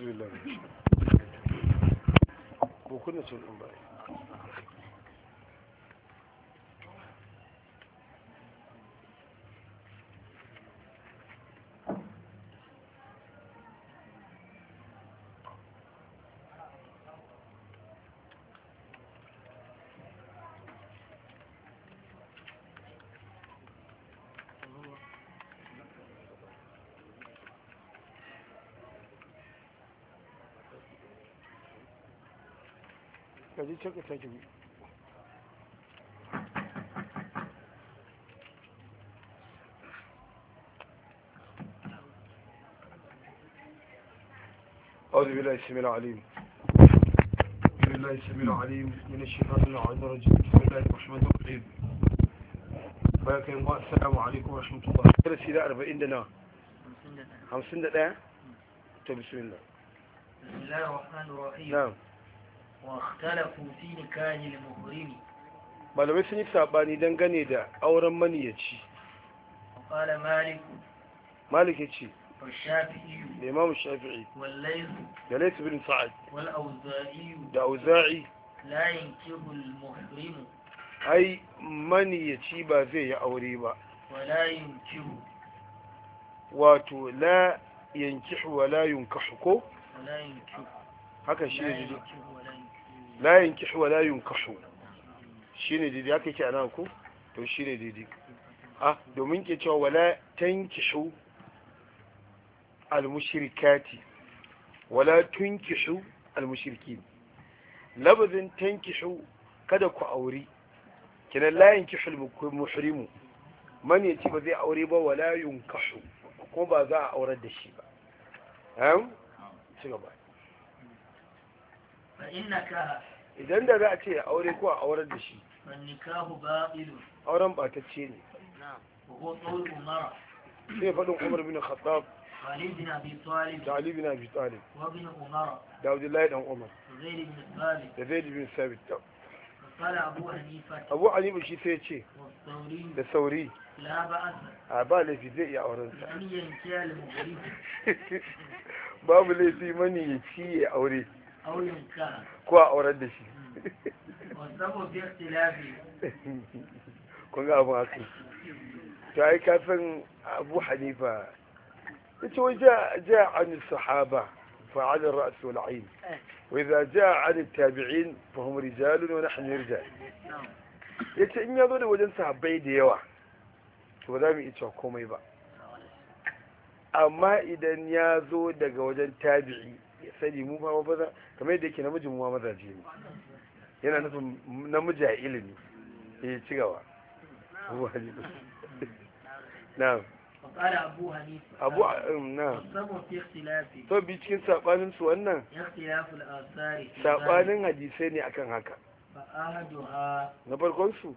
Euzubillah. Oku ne söyledim bari? هذه شرط التجويد أعوذ بالله السميع العليم بسم الله السميع العليم من الشيطان العظيم الرجيم بسم الله الرحمن الرحيم بارك الله السلام عليكم ورحمة الله درس إلى أربعة عندنا خمسين دقيقة نعم. طيب، بسم الله بسم الله الرحمن الرحيم نعم malamai sun yi saɓani dangane da auren maniyaci malik ya ce da imamu shafi'i da laisu bin sa'ad da auza'i ai maniyaci ba zai yi aure ba wato la yankihu wa la yunkahu ko haka shi ne la yankihu wa la yunkahu shine daidai haka ke anan ku to shine daidai ah domin ke cewa wala tankishu al-mushrikati wala tunkishu al labarin labazin tankishu kada ku aure kinan la yankihu muhrimu man yace ba zai aure ba wala yunkahu ko ba za a aurar da shi ba am ci gaba فإنك idan da za a ce aure ko a aurar da shi auren batacce ne sai faɗin umar bin khattab da ali bin abi talib da wajen dan umar da zai bin sabit da abu alibu shi sai ce da sauri a ba laifi zai iya auren sa babu laifi mani ya ci ya aure ko a aurar da shi kun ga abin haka ta yi kafin abu hanifa ya ce wai ja an sahaba فعلى الرأس والعين وإذا جاء عن التابعين فهم رجال ونحن رجال yace in ya zo da wajen sahabbai da yawa to za mu iya komai ba amma idan ya zo daga wajen tabi'i sani mu ba maza kamar yadda yake namijin mu ma mazaje ne yana nufin namiji a ilimi eh ci gaba na'am قال أبو حنيفة أبو نعم السبب في اختلافه cikin sabanin su wannan sabanin hadisai ne akan haka fa na farkon su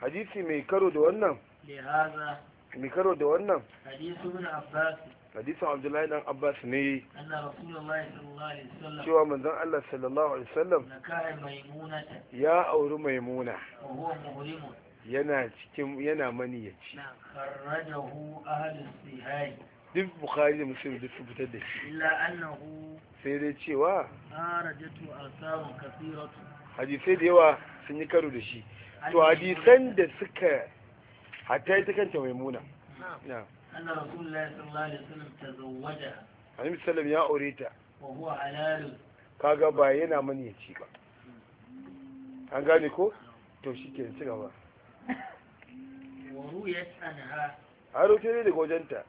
hadisi mai karo da wannan mai karo da wannan hadisun abdullahi dan abbas ne cewa manzon allah sallallahu alaihi wasallam ya auri maimuna yana cikin yana ci. duk bukari da musulun duk su fitar da shi sai dai cewa hadisai da yawa sun yi karo da shi to hadisan da suka hatta ita kanta maimuna anna rasulullahi sallallahu alaihi wasallam tazawwaja annabi sallam ya aure ta wa huwa halal kaga ba yana maniyaci ba an gane ko to shike ci gaba wa ruwayat anha an rute ne daga wajenta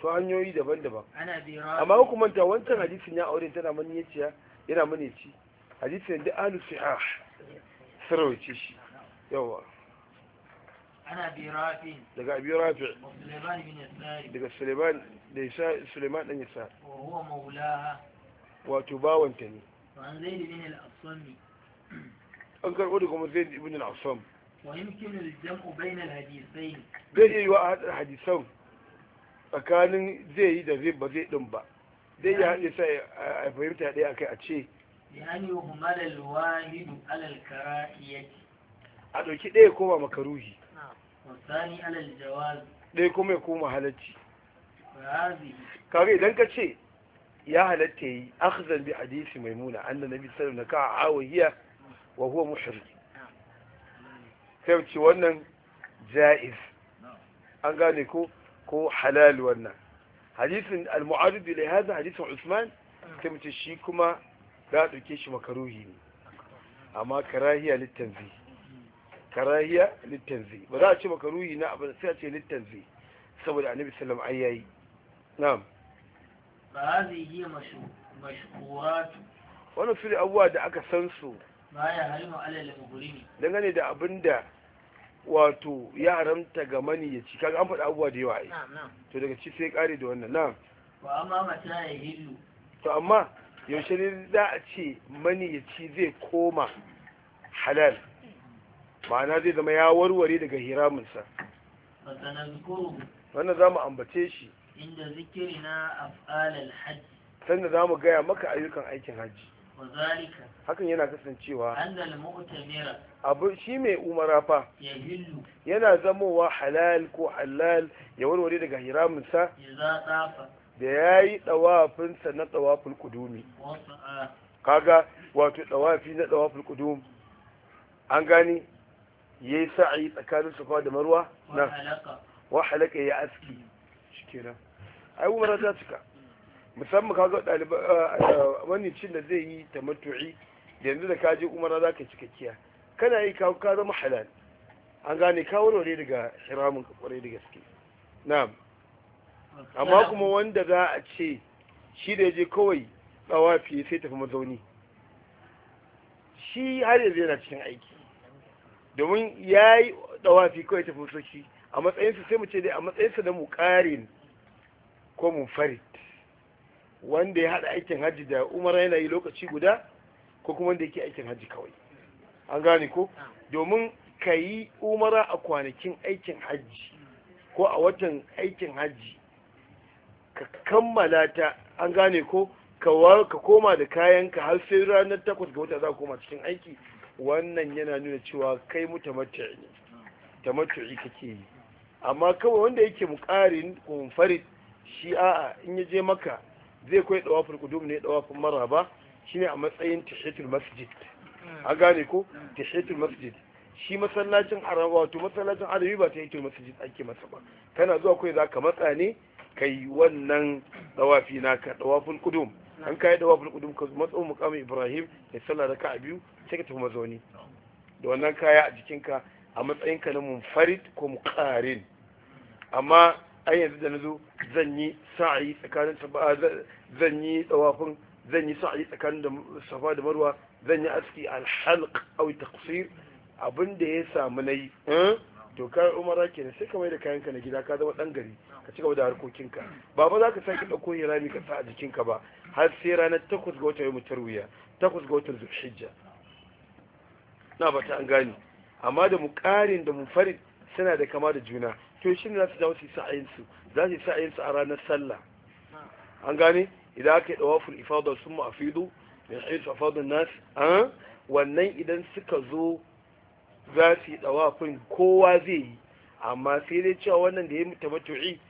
to hanyoyi daban-daban amma hukumanta wancan hadisin ya aure tana mani ya maniyaciya yana mani ya maniyaci hadisin da alusi a sarauci shi yawa ana birafi daga birafi daga suleiman da isa suleiman dan isa huwa maulaha wato bawanta ne an zaid ibn al ne. an karbo daga kuma zaid ibn al-asam wa yumkin al-jam'u bayna al-hadithayn zai yi wa hadisan tsakanin zai yi da zai ba zai din ba zai ya haɗe sai a fahimta ɗaya akai a ce yani yuhmal alwahid ala alkarahiyati a ɗauki ɗaya koma makaruhi wasani ala aljawaz ɗaya kuma ya koma halacci kaga idan ka ce ya halatta yi akhzan bi hadisi maimuna anna nabi sallallahu alaihi wasallam ka awahiya wa huwa muhrim sai ce wannan jaiz an gane ko ko halal wannan hadisin al-mu'arid li hadha hadisin Usman sai mu ce shi kuma za a ɗauke shi makaruhi ne amma karahiya littanzi karahiya littanzi ba za a ce makaruhi na abin sai a ce littanzi saboda annabi sallam ai yayi na'am ba zai yi mashkuratu. Wani su abuwa abubuwa da aka san su ba ya halima alal muhrimi dangane da abinda wato ya haramta ga mani ya ci kaga an faɗa abuwa da yawa ai to daga ci sai kare da wannan na'am wa amma mata ya hillu to amma yaushe ne za a ce maniyaci zai koma halal ma'ana zai zama ya warware daga hiraminsa wanda za mu ambace shi inda zikiri na af'alal hajji sannan za mu gaya maka ayyukan aikin hajji hakan yana kasancewa abu shi mai umara fa yana zamowa halal ko halal ya warware daga hiraminsa da ya yi ɗawafinsa na ɗawafin ƙudumi kaga wato ɗawafi na ɗawafin ƙudumi an gani ya yi sa'ayi tsakanin sufa da marwa na wa halaka ya aski shi kenan ai umara ta cika musamman kaga wani cin da zai yi ta matu'i da yanzu da kaji umara za ka cikakkiya kana yi kawo ka zama halal an gane kawo rore daga hiramun kwarai da gaske na'am amma kuma wanda za a ce shi da ya je kawai tsawafi sai tafi mazauni shi har yanzu yana cikin aiki domin ya yi tsawafi kawai tafi soshi a matsayinsa sai mu ce dai a matsayinsa na mukarin ko mu munfarid wanda ya haɗa aikin hajji da umara yana yi lokaci guda ko kuma wanda yake aikin hajji kawai an gane ko domin ka yi umara a kwanakin aikin hajji ko a watan aikin hajji ka kammala ta an gane ko ka koma da kayanka har sai ranar takwas ga wata za ka koma cikin aiki wannan yana nuna cewa kai mu tamattu'i ne ka kake yi amma kawai wanda yake muƙarin kumfarit shi a'a in ya je maka zai kwaye dawafin kudum ne dawafin maraba shine a matsayin tahiyatul masjid a gane ko tahiyatul masjid shi masallacin arawa to masallacin arabi ba ta tahiyatul masjid ake masa ba kana zuwa kai ka matsa ne kai wannan dawafi ka dawaful qudum an kai dawaful qudum ka matso muqamin ibrahim ya sallah raka'a biyu sai ka tafi mazauni da wannan kaya a jikinka a matsayin ka na munfarid ko muqarin amma ai yanzu da nazo zan yi sa'i tsakanin zan yi dawafin zan yi sa'i tsakanin da safa da marwa zan yi aski alhalq aw taqsir abinda ya samu nayi eh, to kai umara kenan sai ka mai da kayanka na gida ka zama dan gari ka ci gaba da harkokinka ba ba za ka sake ɗauko hirami ka sa a jikinka ba har sai ranar takwas ga watan yau tarwiya takwas ga watan zulhijja na ba ta an gane amma da mu ƙarin da mu farid suna da kama da juna to shi ne za su dawo su yi sa'ayinsu za su yi sa'ayinsu a ranar sallah an gane idan aka yi ɗawafin ifada sun ma'afidu sai su afadun nas wannan idan suka zo za su yi ɗawafin kowa zai yi amma sai dai cewa wannan da ya mutu matu'i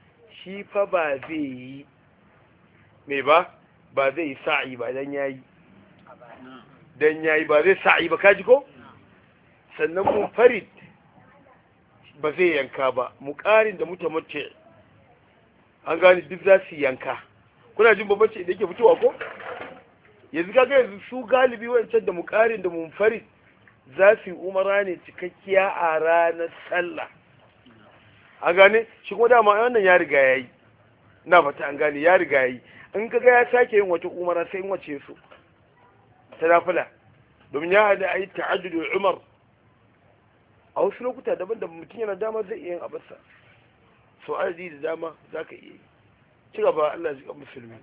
shi fa ba zai yi me ba ba zai yi sa'i ba dan yayi dan yayi ba zai sa'i ba kaji ko sannan mu farid ba zai yanka ba mu muƙarin da mutamacce an gane duk za su yanka kuna jin babbace da yake fitowa ko yanzu ga yanzu su galibi wancan da mu muƙarin da farid za su yi umara ne cikakkiya a ranar sallah a gane shi kuma dama wannan ya riga ya yi na fata an gane ya riga ya yi in ka ga ya sake yin wata umara sai in wace su ta nafila domin ya hada a yi da umar a wasu lokuta daban da mutum yana dama zai iya yin abarsa so adadi da dama za ka iya yi ci gaba Allah zika musulmi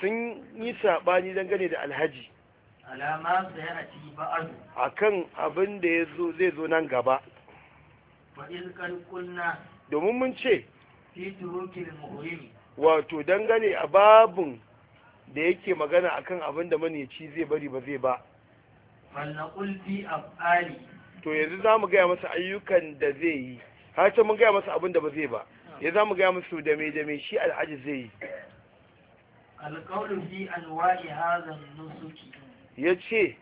sun yi saɓani dangane da alhaji alama sai a ci ba'adu akan abin da zai zo nan gaba domin mun ce wato dangane a babun da yake magana akan abin da maniyaci zai bari ba zai ba to yanzu za mu gaya masa ayyukan da zai yi har ta mun gaya masa abin da ba zai ba hmm. ya za mu gaya masa da mai da mai shi al'aji zai yi ya ce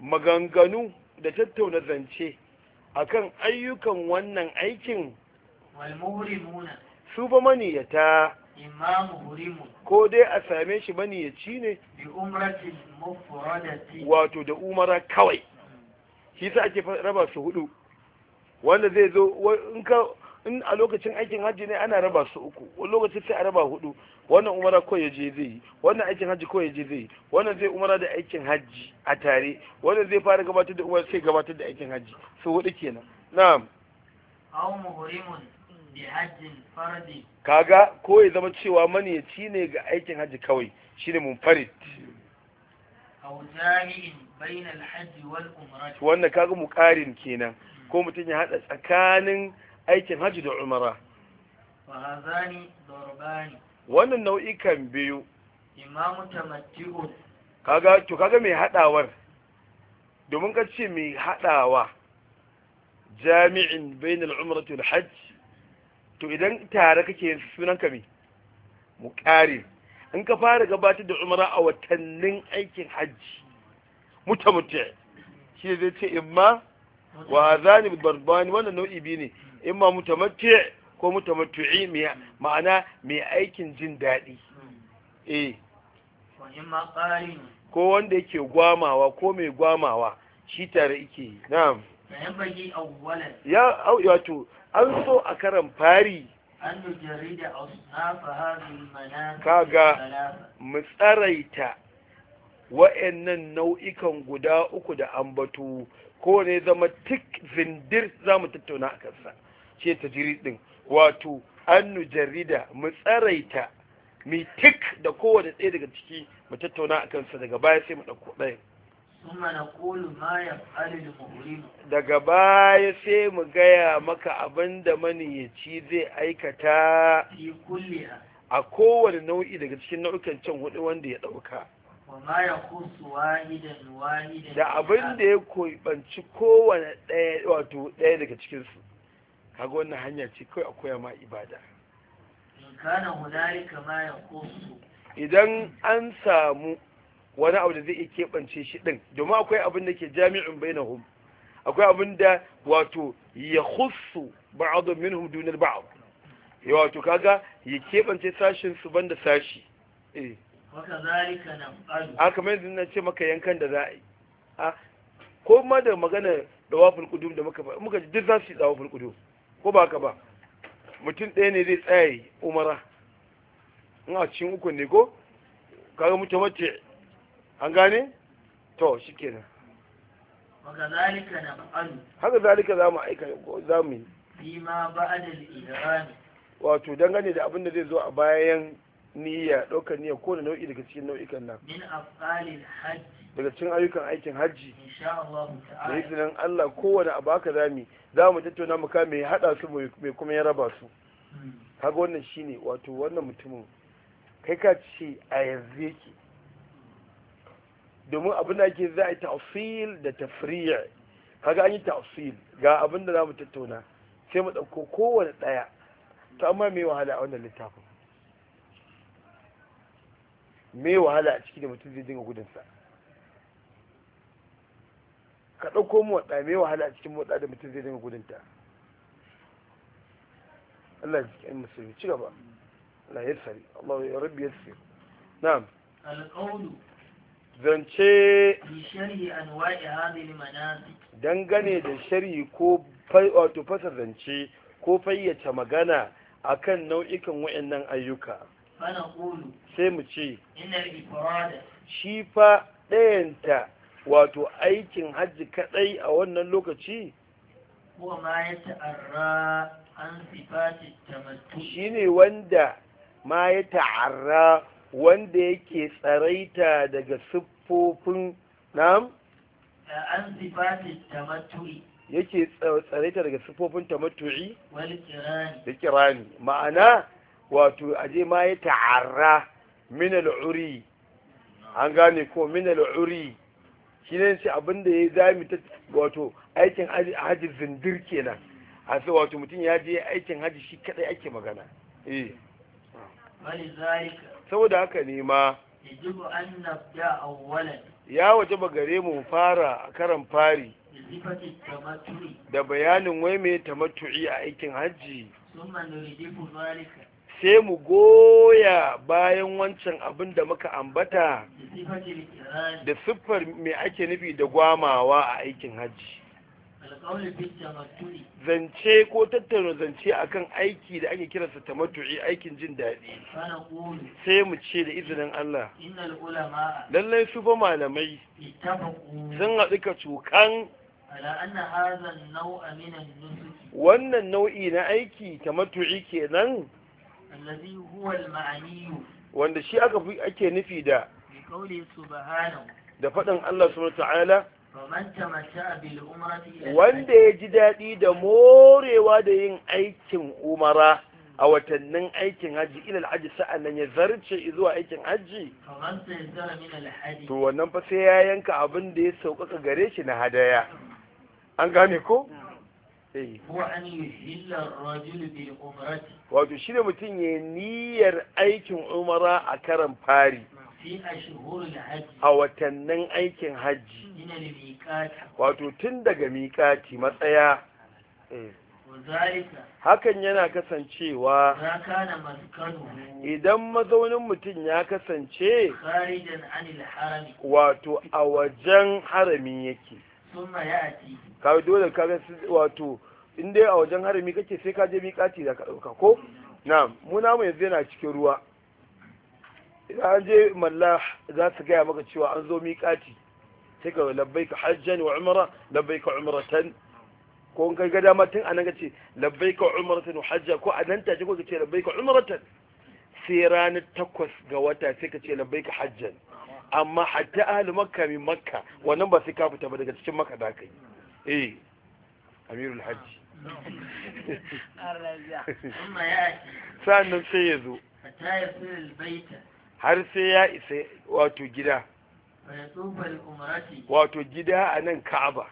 maganganu da tattauna zance akan ayyukan wannan aikin su ba maniyata ko dai a same shi maniyaci ne bi wato da umara kawai shi sa ake raba su hudu wanda zai zo in ka in a lokacin aikin hajji ne ana raba su uku wani lokacin sai a raba hudu wannan umara ko ya je zai yi wannan aikin hajji ko ya je zai yi wannan zai umara da aikin hajji a tare wannan zai fara gabatar da umara sai gabatar da aikin hajji su hudu kenan na'am aw muhrimun bi hajjin faradi kaga ko ya zama cewa maniyaci ne ga aikin hajji kawai shine munfarid aw jami'in bainal hajji wal umrah wannan kaga muqarin kenan ko mutum ya hada tsakanin aikin hajji da umara wannan nau'ikan biyu imamu tamatti'u kaga to kaga mai hadawar domin ka ce mai hadawa jami'in bainal umrati wal hajj to idan tare kake sunan ka me muqari in ka fara gabatar da umara a watannin aikin hajji mutamutti shi zai ce imma wa azani barbani wannan nau'i biyu ne in ma mutamatti ko mutamattu'i ma'ana mai aikin jin daɗi eh ko wanda yake gwamawa ko mai gwamawa shi tare yake na'am ya wato an so a karan fari kaga mu tsaraita wa'annan nau'ikan guda uku da ambato ko ne zama tik zindir za mu tattauna a kansa ce ta jiri wato annu jarida, mu tsaraita mu tik da kowane ɗaya daga ciki mu tattauna a kansa daga baya sai mu ɗauko ɗaya daga baya sai mu gaya maka abin da maniyaci zai aikata a kowane nau'i daga cikin nau'ikan can hudu wanda ya ɗauka da abin da ya banci kowane ɗaya wato ɗaya daga cikinsu kaga wannan hanya ce kawai a koya ma ibada idan an samu wani abu da zai iya keɓance shi ɗin domin akwai abin da ke jami'in bainahum akwai abin da wato ya husu ba'adu hum dunar ba'ad ya eh, wato kaga ya keɓance sashin su banda sashi eh aka ah, mai na ce maka yankan da za a yi ah, ko ma da magana da wafin kudum da muka muka duk za su yi wafin kudum ko ba ka ba mutum ɗaya ne zai tsaye umara in a cikin uku ne ko kaga mutum mace an gane to shi kenan haka zalika za mu aika za mu yi wato dangane da abin da zai zo a bayan niyya ɗaukar niyya ko da nau'i daga cikin nau'ikan nan min afqalil hajj daga cikin ayyukan aikin hajji da izinin Allah kowane abu aka zami za mu tattauna mu ka mai hada su mai kuma ya raba su hmm. kaga wannan shine wato wannan mutumin kai ka ce a yanzu yake domin abin da ake za a yi tafsil da tafriya kaga an yi tafsil ga abin da za mu tattauna sai mu ɗauko kowane ɗaya to amma mai wahala a wannan littafin mai wahala a ciki da mutum zai dinga gudunsa ka ɗauko motsa mai wahala a cikin motsa da mutum zai dinga gudunta Allah ya jikin musulmi ci gaba Allah ya sari Allah ya rabbi ya sari na'am alƙawlu zance dangane da shari'i ko wato fasa zance ko fayyace magana akan nau'ikan wayannan ayyuka sai mu ce shi fa ɗayanta wato aikin hajji kadai a wannan lokaci huwa ma ya ta'arra an sifati tamattu ne wanda ma ya ta'arra wanda yake tsaraita daga siffofin nam an sifati tamattu yake tsaraita daga siffofin tamattu'i da kirani ma'ana wato aje ma ya ta'arra min al'uri an gane ko min al'uri shi ne shi abin da ya zami ta wato aikin hajji zindir kenan a sai wato mutum ya je aikin hajji shi kadai ake magana eh saboda haka ne ma ya waje ba gare mu fara a karan fari da bayanin wai mai tamattu'i a aikin hajji sai mu goya bayan wancan abin da muka ambata da siffar mai ake nufi da gwamawa a aikin hajji zance ko tattauna zance akan aiki da ake kiransa ta matu'i aikin jin daɗi sai mu ce da izinin Allah lallai su fa malamai sun haɗu ka cukan wannan nau'i na aiki ta ke kenan wanda shi aka fi ake nufi da da faɗin Allah subhanahu ta'ala wanda ya ji daɗi da morewa da yin aikin umara a watannin aikin hajji ilal hajji sa'an nan ya zarce zuwa aikin hajji to wannan fa sai ya yanka abin da ya sauƙaƙa gare shi na hadaya an gane ko Eh. wato shi yuhilla mutum ya niyyar aikin umara a karan fari hajji a watannin aikin hajji wato tun daga miƙati matsaya eh. hakan yana kasancewa idan mazaunin mutum ya kasance wato a wajen harami yake kawai dole ka ga wato in dai a wajen harami kake sai ka je miƙati da ka ɗauka ko na muna mu yanzu yana cikin ruwa idan an je malla za su gaya maka cewa an zo miƙati sai ka labbai ka hajjani wa umara labbai ka umaratan ko in kai gada dama tun anan ka ce labbai ka umaratan wa hajja ko a nan tashi ko ka ce labbai ka umaratan sai ranar takwas ga wata sai ka ce labbai ka hajjani amma hajji ahalin makka min makka wannan ba sai ka fita ba daga cikin makka da aka yi eh amirul hajji sa'annan sai ya zo har sai ya isa wato gida wato gida a nan ka'aba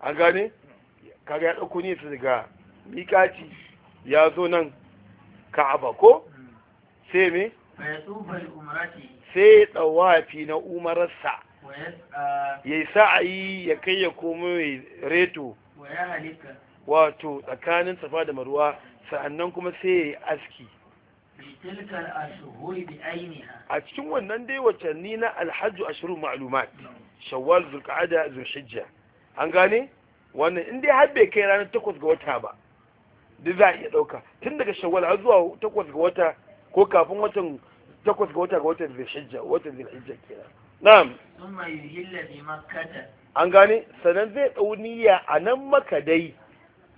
an gane kaga ya ɗauko nesa daga miƙaci ya zo nan ka'aba ko sai me sai ya tsawafi na umararsa ah, ya yi sa'ayi ya kai ya komo ya reto wato tsakanin safa da maruwa, sa'annan kuma sai ya yi aski a cikin wannan dai watanni na alhaji ashirin ma'lumat shawwal Zulka'ada, zulhijja an gane wannan in dai har bai kai ranar takwas ga wata ba duk za a iya ɗauka tun daga shawwal har zuwa takwas ga wata ko kafin watan takwas ga wata ga watan zilhijja watan zilhijja kenan na'am thumma yuhilla bi makkah an gane sanan zai tsauniya a nan maka dai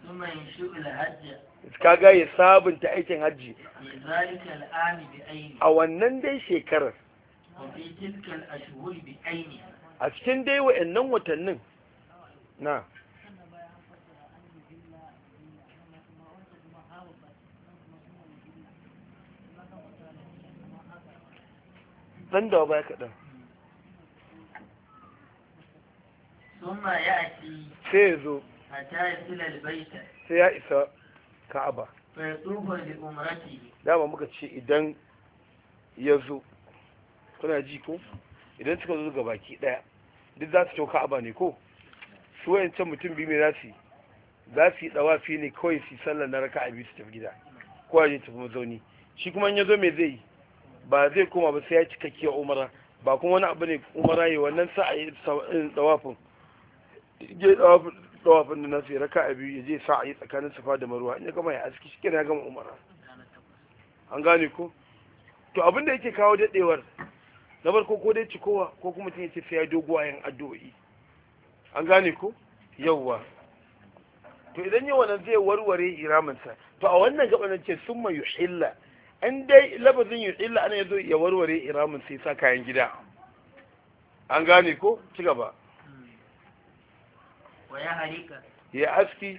thumma yushul hajja kaga ya sabunta aikin hajji a wannan dai shekarar a cikin dai wa'annan watannin na ɗan dawa baya kaɗan sai ya zo sai ya isa ka'aba dama muka ce idan ya zo kuna ji ko idan suka zo ga baki ɗaya duk za su kyau ka'aba ne ko su wayancan mutum biyu mai za su yi za su yi ɗawafi ne kawai su yi sallar na raka a biyu su tafi gida kawai a tafi mazauni shi kuma in ya zo me zai yi ba zai koma ba sai ya cika kiya umara ba kuma wani abu ne umara yi wannan sa a yi tsawafin je tsawafin da nasu raka a biyu ya je sa a yi tsakanin safa da maruwa in ya gama ya aski shi kenan ya gama umara an gane ko to abin da yake kawo dadewar na farko ko dai cikowa ko kuma tun yace sai ya dogo yin addu'o'i an gane ko yawwa to idan yawa nan zai warware iramansa to a wannan gaba nan ce summa yuhilla in dai labazin yuhilla ana yazo ya warware iramun sai sa kayan gida an gane ko ci gaba ya aski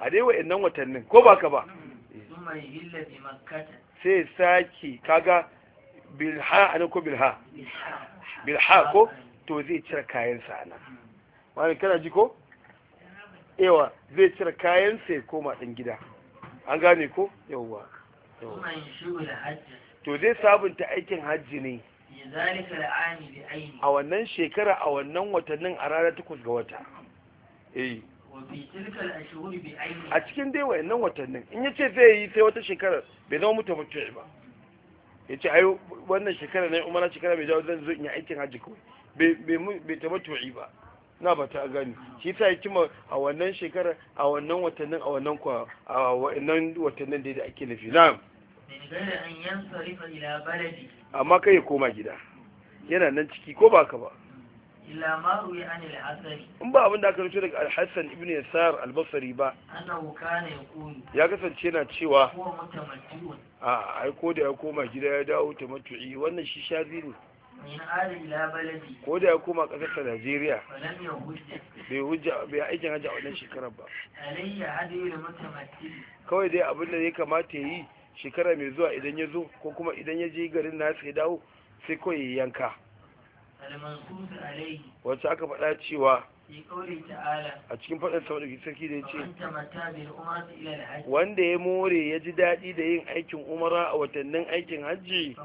a dai wa'annan watannin ko ba ka ba hmm. sai sake kaga bilha a ko bilha bilha ko to zai cire kayan sa nan wani hmm. kana ji ko ewa zai cire kayan sai koma ɗan gida an gane ko yawwa to zai sabunta aikin hajji ne a wannan shekara a wannan watannin a ranar takwas ga wata eh. a cikin dai wayannan watannin in yace zai yi sai wata shekarar bai zama mutum mutu ba ya ce ai wannan shekarar na umara shekara bai jawo zan zo in yi aikin hajji kawai bai tabbatuwa ba na ba ta gani shi ta kima a wannan shekarar a wannan watannin a wannan kwa a wannan watannin da ake nufi na amma kai ya koma gida yana nan ciki ko ba ka ba in ba abin da aka rufe daga alhassan ibn yasar albasari ba ya kasance na cewa a aiko da ya koma gida ya dawo tamattu'i wannan shi shazi ne ko da ya koma ƙasar ta Najeriya bai hujja bai aikin hajja a wannan shekarar ba kawai dai abin da ya kamata yi shekara mai zuwa idan ya zo ko kuma idan ya je garin na ya dawo sai kawai yanka wacce aka faɗa cewa a cikin faɗin sauraki sarki da ya ce wanda ya more ya ji daɗi da yin aikin umara a watannin aikin hajji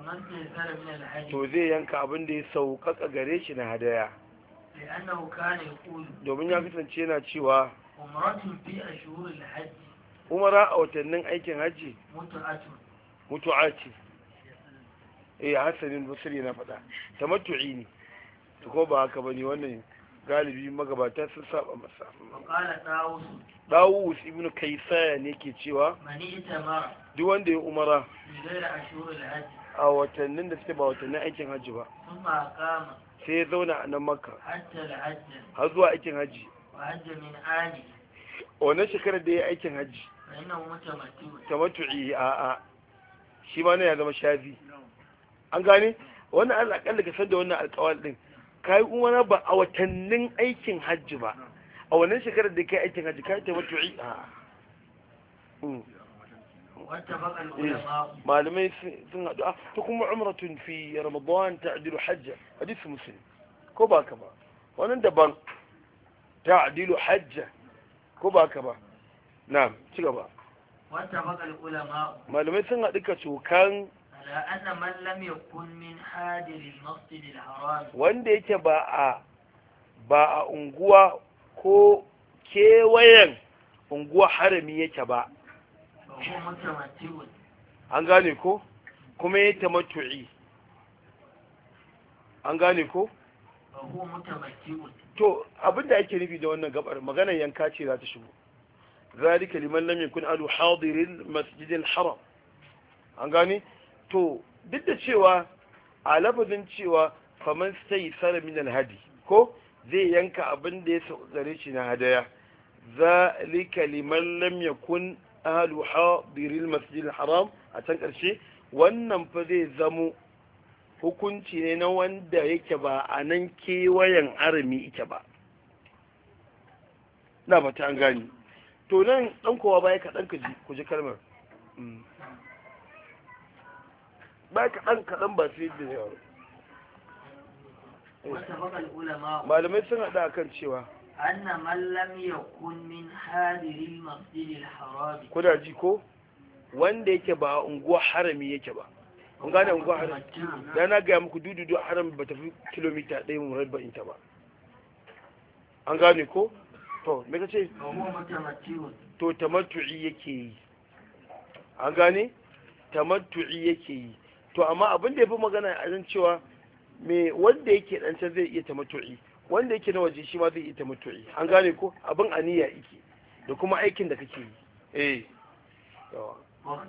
to zai yanka abin da ya sauƙaƙa gare shi na hadaya domin ya kasance yana cewa umara a watannin aikin hajji Mutu ce? eh hasanin basiri na faɗa matu'i ne ko ba haka bane wannan galibi magabata sun saba masa dawus ibn kaisaya ne ke cewa duk wanda ya umara a watannin da suke ba watannin aikin hajji ba sai ya zauna a nan maka har zuwa aikin hajji wannan shekarar da ya aikin hajji tamattu'i a a shi ma na ya zama shafi an gane wannan alaƙalla ka san da wannan alƙawal din ka yi umara ba a watannin aikin hajji ba a wannan shekarar da ka yi aikin hajji ka yi tamattu'i a ah. hmm. eh, ah, malamai sun haɗu a ta kuma umaratun fi ramadan adilu hajja hadisi musulmi ko ba ka ba wannan daban ta adilu hajja ko ba ka ba na ci gaba malamai sun haɗu ka cokan wanda yake ba a ba a unguwa ko kewayen unguwa harami yake ba an gane ko kuma ya tamattu'i an gane ko to abinda ake nufi da wannan gabar maganar yanka ce za ta shigo zalika liman lam yakun alu hadirin masjidil haram an gane to duk da cewa a lafazin cewa kamar sai sara min hadi ko zai yanka abin da ya gare shi na hadaya za zalika liman lam yakun ahalu hadiril masjidil haram a can ƙarshe, wannan fa zai zamo hukunci ne na wanda yake ba a nan kewayen arami ike ba na ba an gani to nan dan kowa baya ka dan ka ji ku ji kalmar mm. ba kaɗan kaɗan ba sai da yaro malamai sun haɗa kan cewa anna man lam yakun min hadiril masjidil harami kuna ji ko wanda yake ba unguwa harami yake ba kun gane unguwa harami da na gaya muku dududu harami ba tafi kilomita ɗaya mu rabba ta ba an gane ko to me ka ce to tamattu'i yake yi an gane tamattu'i yake yi to amma abin da ya fi magana a zan cewa me wanda yake dan can zai iya mutu'i wanda yake na waje shi ma zai iya ta mutu'i an gane ko abin aniya yake da kuma aikin da kake yi eh yawa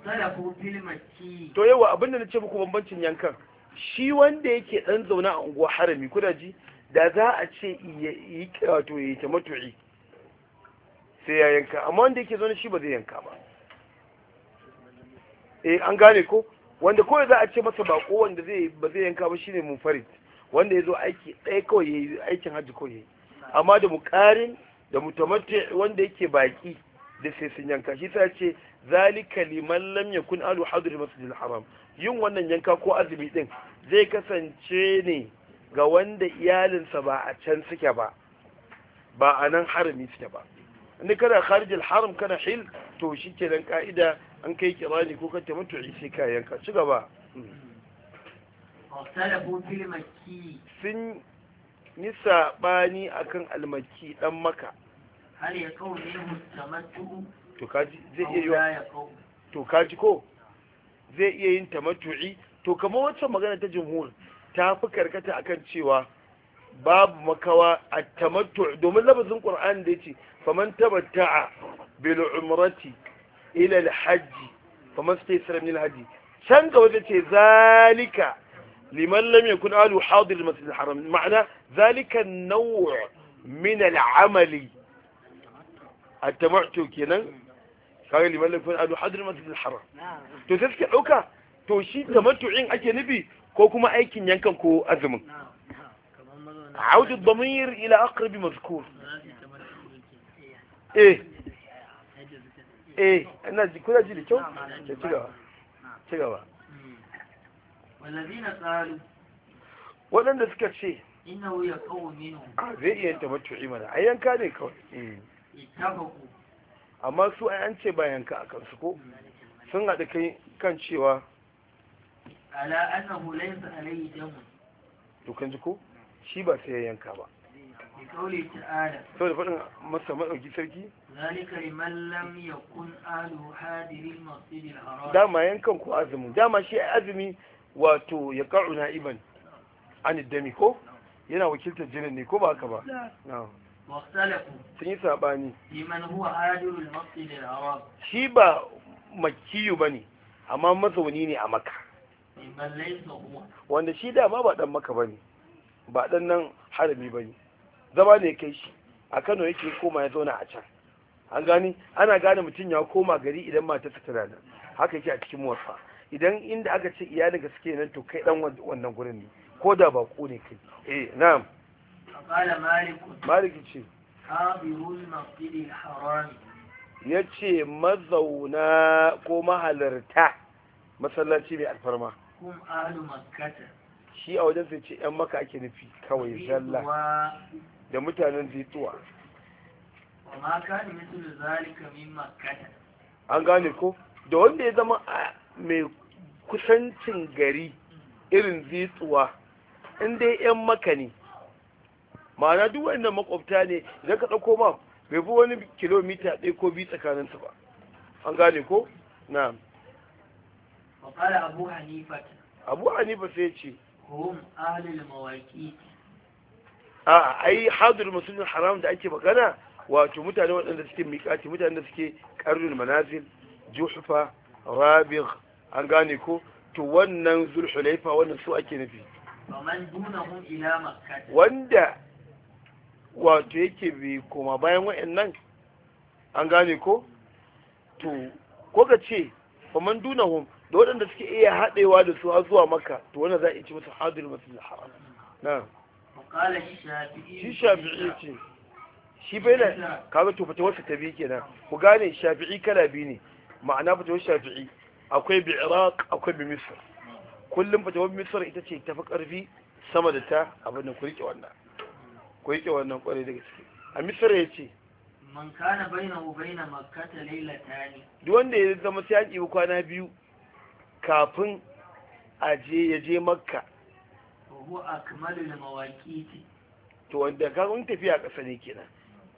to yawa abin da nace muku bambancin yankan shi wanda yake dan zauna a unguwar harami kuna ji da za a ce yi wato yi ta mutu'i sai ya yanka amma wanda yake zaune shi ba zai yanka ba eh an gane ko wanda kawai za a ce masa bako wanda zai ba zai yanka ba shine munfarid wanda ya zo aiki ɗaya kawai ya aikin hajji kawai ya yi amma da muƙarin da mutamatti wanda yake baki da sai sun yanka shi sa ce zalika liman lam yakun alu hadir masjidil haram yin wannan yanka ko azumi din zai kasance ne ga wanda iyalinsa ba a can suke ba ba a nan harami suke ba in kana kharijil haram kana hil to shikenan ka'ida an kai kirani ko ka tamattu'i sai ka ci gaba sun yi saɓani a kan almaki ɗan maka har ya kawo ne mustamattu to kaji zai iya yi to kaji ko zai iya yin tamattu'i to kamar wacce magana ta jumhur ta fi karkata akan cewa babu makawa a tamattu domin labasin ƙwar'an da ya ce faman tabatta'a bil umrati ila alhajji fa masti sira min alhajji can ga wajen ce zalika liman lam kun alu hadir masjid haram ma'ana zalika naw min al'amali at-tamattu kenan kawai liman lam kun alu hadir masjid haram to sai suke dauka to shi tamattu'in ake nufi ko kuma aikin yankan ko azumin عود ila إلى masu مذكور eh. eh ina ji ji da kyau eh, ci gaba hmm. waɗanda suka ce ya a zai iya yin tabattu'i imana a yanka ne kawai hmm. amma su ai an ce ba yanka a kansu ko sun haɗu kan cewa ala annahu laysa alayhi to kan ji ko shi ba sai yanka ba kauli ta'ala saboda faɗin masa maɗauki sarki hadirin dama yankan ku azumi dama shi azumi wato ya qa'u na'iban an dami ko yana wakiltar jinin ne ko ba haka ba na'am mustalaku sun yi sabani shi ba makkiyu bane amma mazauni ne a maka. wanda shi dama ba dan maka ne, ba dan nan harami bane zama ne kai shi a Kano yake koma ya zauna a can an gani ana gane mutum ya koma gari idan matarsa tana nan haka yake a cikin wasa idan inda aka ce iyalin ga suke nan to kai dan wannan gurin ne ko da bako ne kai eh na'am qala malik malik ce habirul masjidil haram yace mazauna ko mahalarta masallaci mai alfarma kum ahlu makkah shi a wajen sai ce yan maka ake nufi kawai zalla da mutanen zituwa an gane ko da wanda ya zama mai kusancin gari irin zituwa inda yan maka ne ma'ana duk wanda makwabta ne idan ka ɗauko ma bai fi wani kilomita ɗaya ko biyu tsakaninsu ba an gane ko na abu hanifa sai ce hum ahlul mawaqit ai hadul musulmin haram da ake magana wato mutane waɗanda suke miƙati mutane da suke ƙarnin manazil juhfa rabigh an gane ko to wannan zulhulaifa wannan su ake nufi wanda wato yake bi koma bayan waɗannan an gane ko to ko ka ce faman dunahum da waɗanda suke iya haɗewa da su zuwa maka to wannan za a ci musu hadul masjidil haram na'am shi shafi'i ce shi bai na kaga to fitowar wasu ta biyu kenan ku gane shafi'i kala biyu ne ma'ana wasu shafi'i akwai bi iraq akwai bi misir kullum wasu misir ita ce tafi karfi sama da ta abin da ku rike wannan ku rike wannan kwarai daga ciki a misir ya ce man kana bainahu baina makkata lailatani duk wanda ya zama sai an kwana biyu kafin a je ya je makka huwa akmalu da mawaƙiti to wanda garin tafiya ƙasa ne kenan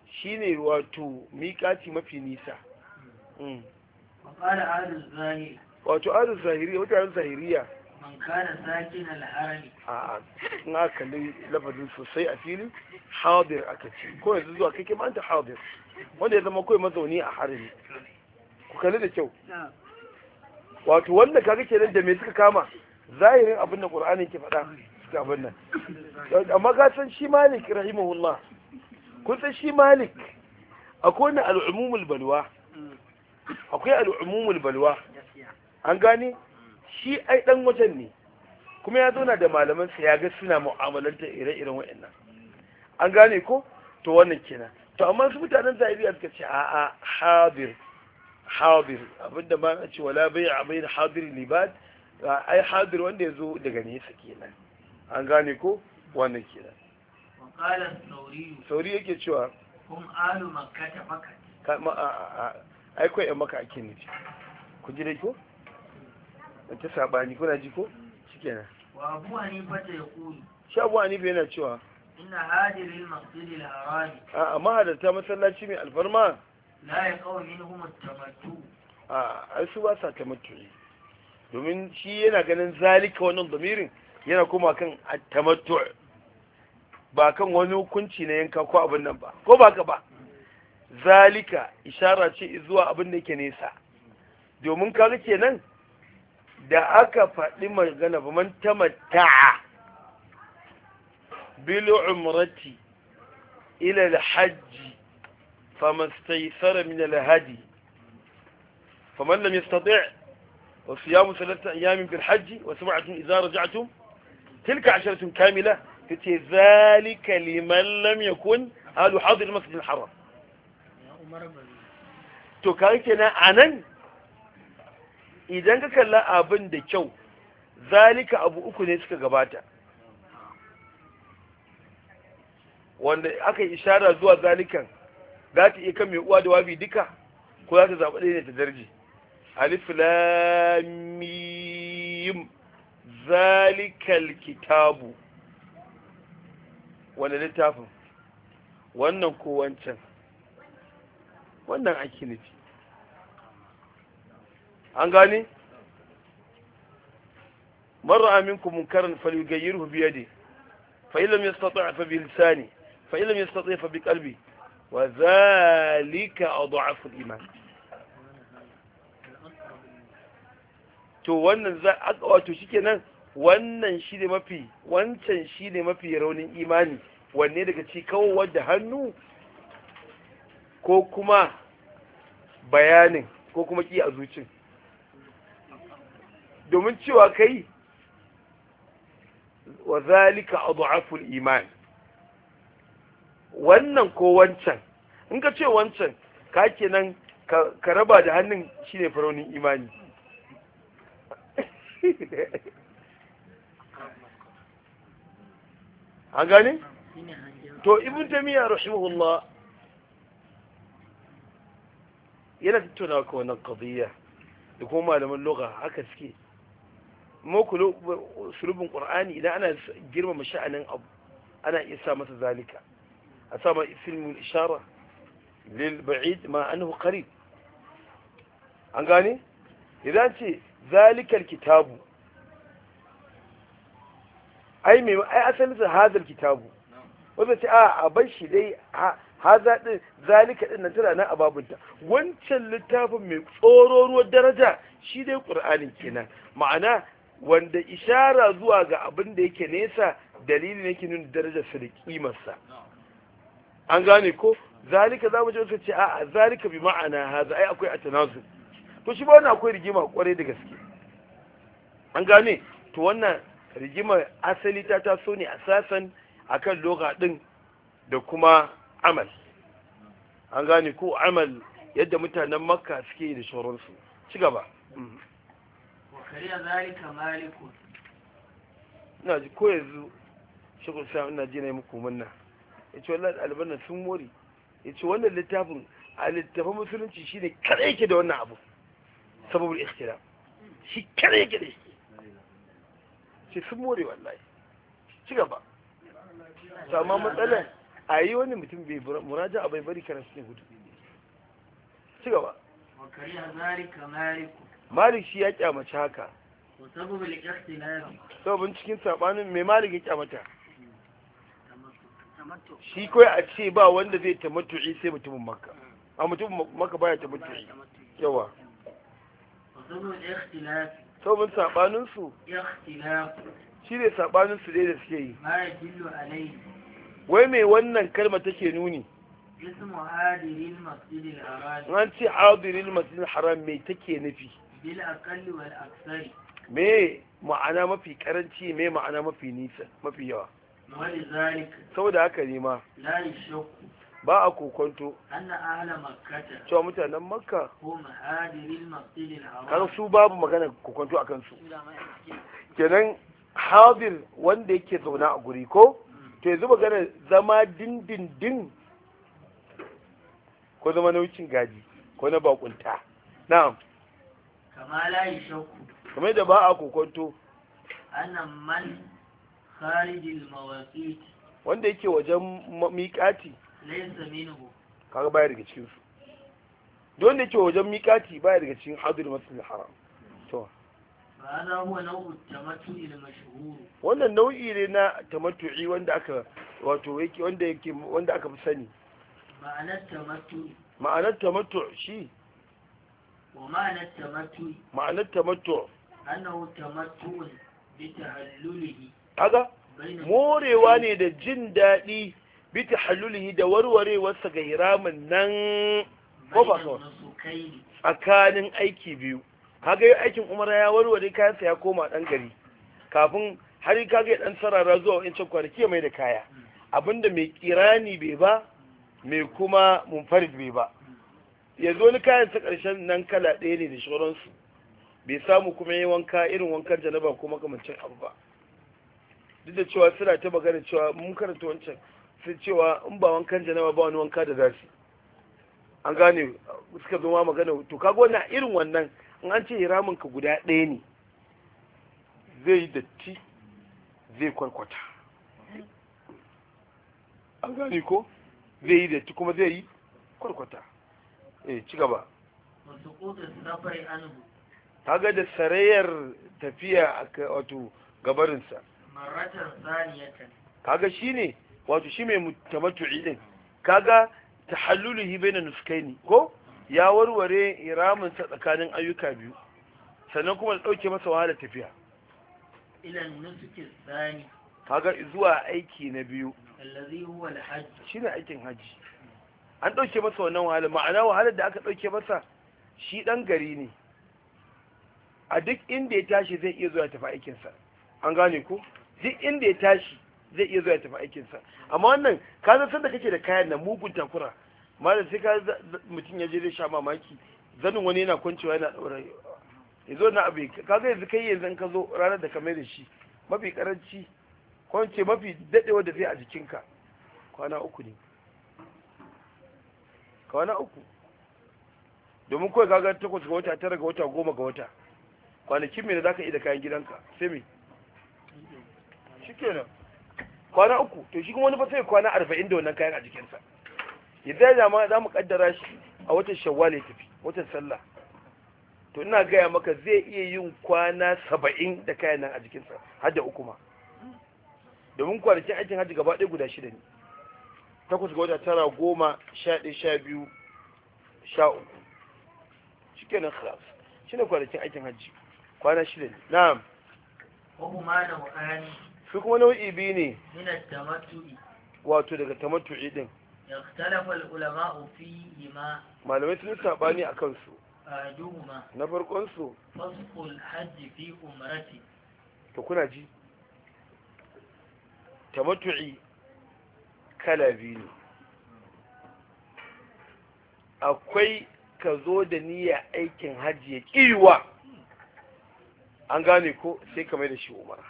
shine wato miƙaci mafi nisa mm. wato adun zahiriya mutanen zahiriya man kana sakin alharami a na kalli lafazin sosai a filin hadir aka ce ko yanzu zuwa kake manta hadir wanda ya zama kawai mazauni a harami ku kalli da kyau wato wanda kaga kenan da me suka kama zahirin abin da qur'ani ke faɗa cikin abin nan amma ka san shi malik rahimahullah kun san shi malik akwai na al'umumul balwa akwai al'umumul balwa an gane shi ai dan wajen ne kuma ya zauna da malaman sa ya ga suna mu'amalanta ire-iren wa'annan an gane ko to wannan kenan to amma su mutanen Zaria suka ce a'a hadir hadir abinda ma ce wala a bain hadir libad ai hadir wanda ya zo daga nesa kenan an gane ko wannan kenan waqala sauri sauri yake cewa Kun alu makkata ta maka ai ko yan maka ake nufi ku ji dai ko ta sabani kuna ji ko shikenan wa abu hanifa ta yaqulu shi abu bai yana cewa inna hadiril masjidil harami a mahadarta masallaci mai alfarma la ya kawo minhum tamattu a ai su ba sa tamattu domin shi yana ganin zalika wannan damirin yana kuma kan tamattu ba kan wani hukunci na yanka ko abin nan ba ko ba ka ba zalika ishara ce zuwa abin da ke nesa domin ka ga kenan da aka faɗi magana ba man tamatta bil umrati ila al hajj famastaysara min al hadi faman lam yastati' وصيام ثلاثة أيام في الحج وسبعة إذا رجعتم tilka asharatun kamila tace zalika liman lam yakun ahlu hadir masjid haram to kai kenan anan idan ka kalla abin da kyau zalika abu uku ne suka gabata wanda aka yi ishara zuwa zalikan za ta iya kan mai uwa da wabi duka ko za ta zaɓi ɗaya ne ta darji alif lamim zalikal kitabu wani littafin wannan ko wancan wannan ake nufi an gani? marar aminku mun munkarin falgayyar hubiya ne fa'ilam ya stata a fabi lisani fa'ilam ya stata ya fabi kalbi wa zalika a da'afin iman to wannan za a wato shi kenan wannan shi ne mafi wancan shi ne mafi raunin imani wanne daga ci kawo da hannu ko kuma bayanin ko kuma ki a zucin domin cewa kai wa zalika adu'aful iman wannan ko wancan in ka ce wancan ka kenan ka raba da hannun shine faraunin imani an gane to ibn tamiya rahimahullah yana tattauna ka wannan qadiyya da kuma malaman lugha haka suke mokulu sulubin qur'ani idan ana girmama sha'anin abu ana iya sa masa zalika a sa ma ismul ishara lil ba'id ma annahu qarib an gane idan ce zalikal kitabu ai mai ai asalin sa hazal kitabu wanda ce a ah, a bar shi dai haza din zalika din nan tana nan a babunta wancan littafin mai ruwan daraja shi dai qur'anin kenan ma'ana wanda ishara zuwa ga abin da yake nesa dalilin yake nuna darajar sa da kimarsa an gane ko zalika za mu ji wasu ce a zalika bi ma'ana haza ai akwai a atanazu to shi ba wannan akwai rigima kwarai da gaske an gane to wannan rigimar asali ta taso ne asasan akan kan din da kuma amal an gane ko amal yadda mutanen makka suke da shoronsu ci gaba na ji ko yanzu shekul sa ina ji na yi muku munna ya ce wannan albanan sun mori ya ce wannan littafin a littafin musulunci shi ne kare yake da wannan abu saboda ikhtira shi kare yake da shi ce sun more wallahi ci gaba amma matsalar a yi wani mutum bai muraja a bai bari karansu ne hudu ci gaba malik shi ya kyamace haka sababin cikin sabanin mai malik ya kyamata shi kawai a ce ba wanda zai tamattu'i sai mutumin makka a mutumin makka baya tamattu'i yawa saboda saɓaninsu! su shi ne saɓaninsu su da suke yi wai mai wannan kalma take nuni an ce hadirin masjidil haram mai take nufi me ma'ana mafi karanci me ma'ana mafi nisa mafi yawa saboda haka ne ma ba a kokonto cewa mutanen makka kan su babu magana kokonto a kansu kenan hadir wanda yake zauna a guri ko hmm. to yanzu magana zama dindindin ko zama na wucin gaji ko na bakunta na'am kamar da ba a kokonto annan man kharijil mawaqit wanda yake wajen miƙati kaga baya daga cikin su don da ke wajen mikati baya daga cikin hadir masjidil haram to wannan nau'i ne na tamattu'i wanda aka wato yake wanda yake wanda aka fi sani ma'anar tamattu'i ma'anar tamattu' shi wa ma'anar tamattu'i ma'anar tamattu' annahu tamattu'un bi tahallulihi kaga morewa ne da jin daɗi bi tahallulihi da warwarewarsa ga hiramin nan ko tsakanin aiki biyu kaga aikin umara ya warware kayansa ya koma dan gari kafin har kaga dan sarara zuwa wancan kwanaki mai da kaya abinda mai kirani bai ba mai kuma munfarid bai ba yanzu wani ni kayansa karshen nan kala ɗaya ne da shoransu bai samu kuma yi wanka irin wankan janaba ko makamancin abu ba duk da cewa suna ta magana cewa mun karanta wancan sun cewa in ba wankan janaba ba wani wanka da zafi an gane suka zo ma magana to kaga wannan irin wannan in an ce ramin ka guda ɗaya ne zai yi datti zai kwarkwata an gane ko zai yi datti kuma zai yi kwarkwata eh ci gaba ga da sarayar tafiya a wato gabarinsa kaga ne. wato shi mai tamattu'i din kaga tahalluluhi baina nuskaini ko ya warware iramin sa tsakanin ayyuka biyu sannan kuma da dauke masa wahala tafiya ila nusuki tsani kaga zuwa aiki na biyu allazi huwa alhajj shine aikin haji an dauke masa wannan wahala ma'ana wahalar da aka dauke masa shi dan gari ne a duk inda ya tashi zai iya zuwa tafi aikinsa an gane ko duk inda ya tashi zai iya zuwa ya tafi aikinsa amma wannan ka san sanda kake da kayan nan mugun takura malam sai ka mutum ya je zai sha mamaki zanin wani yana kwancewa yana ɗaura ya zo na abu ka ga yanzu kai yanzu ka zo ranar da ka mai da shi mafi karanci kwance mafi daɗewa da zai a jikinka kwana uku ne kwana uku domin kawai kaga takwas ga wata tara ga wata goma ga wata kwanakin mai da za ka da kayan gidanka sai me shikenan. kwana uku to shi kuma wani fa sai kwana arba'in da wannan kayan a jikinsa idan da ma za mu kaddara shi a watan shawwal ya tafi watan sallah to ina gaya maka zai iya yin kwana saba'in da kayan nan a jikinsa har da uku ma domin kwanakin aikin hajji gaba ɗaya guda shida ne takwas ga wata tara goma sha ɗaya sha biyu sha uku shi nan khalas shi ne kwanakin aikin hajji kwana shida ne na'am da shi kuma nau'i biyu ne wato daga tamattu'i din malamai sun saɓani a kansu na farkonsu to kuna ji tamattu'i kala biyu ne akwai ka zo da niyya aikin hajji ya ƙiwa an gane ko sai ka mai da shi umara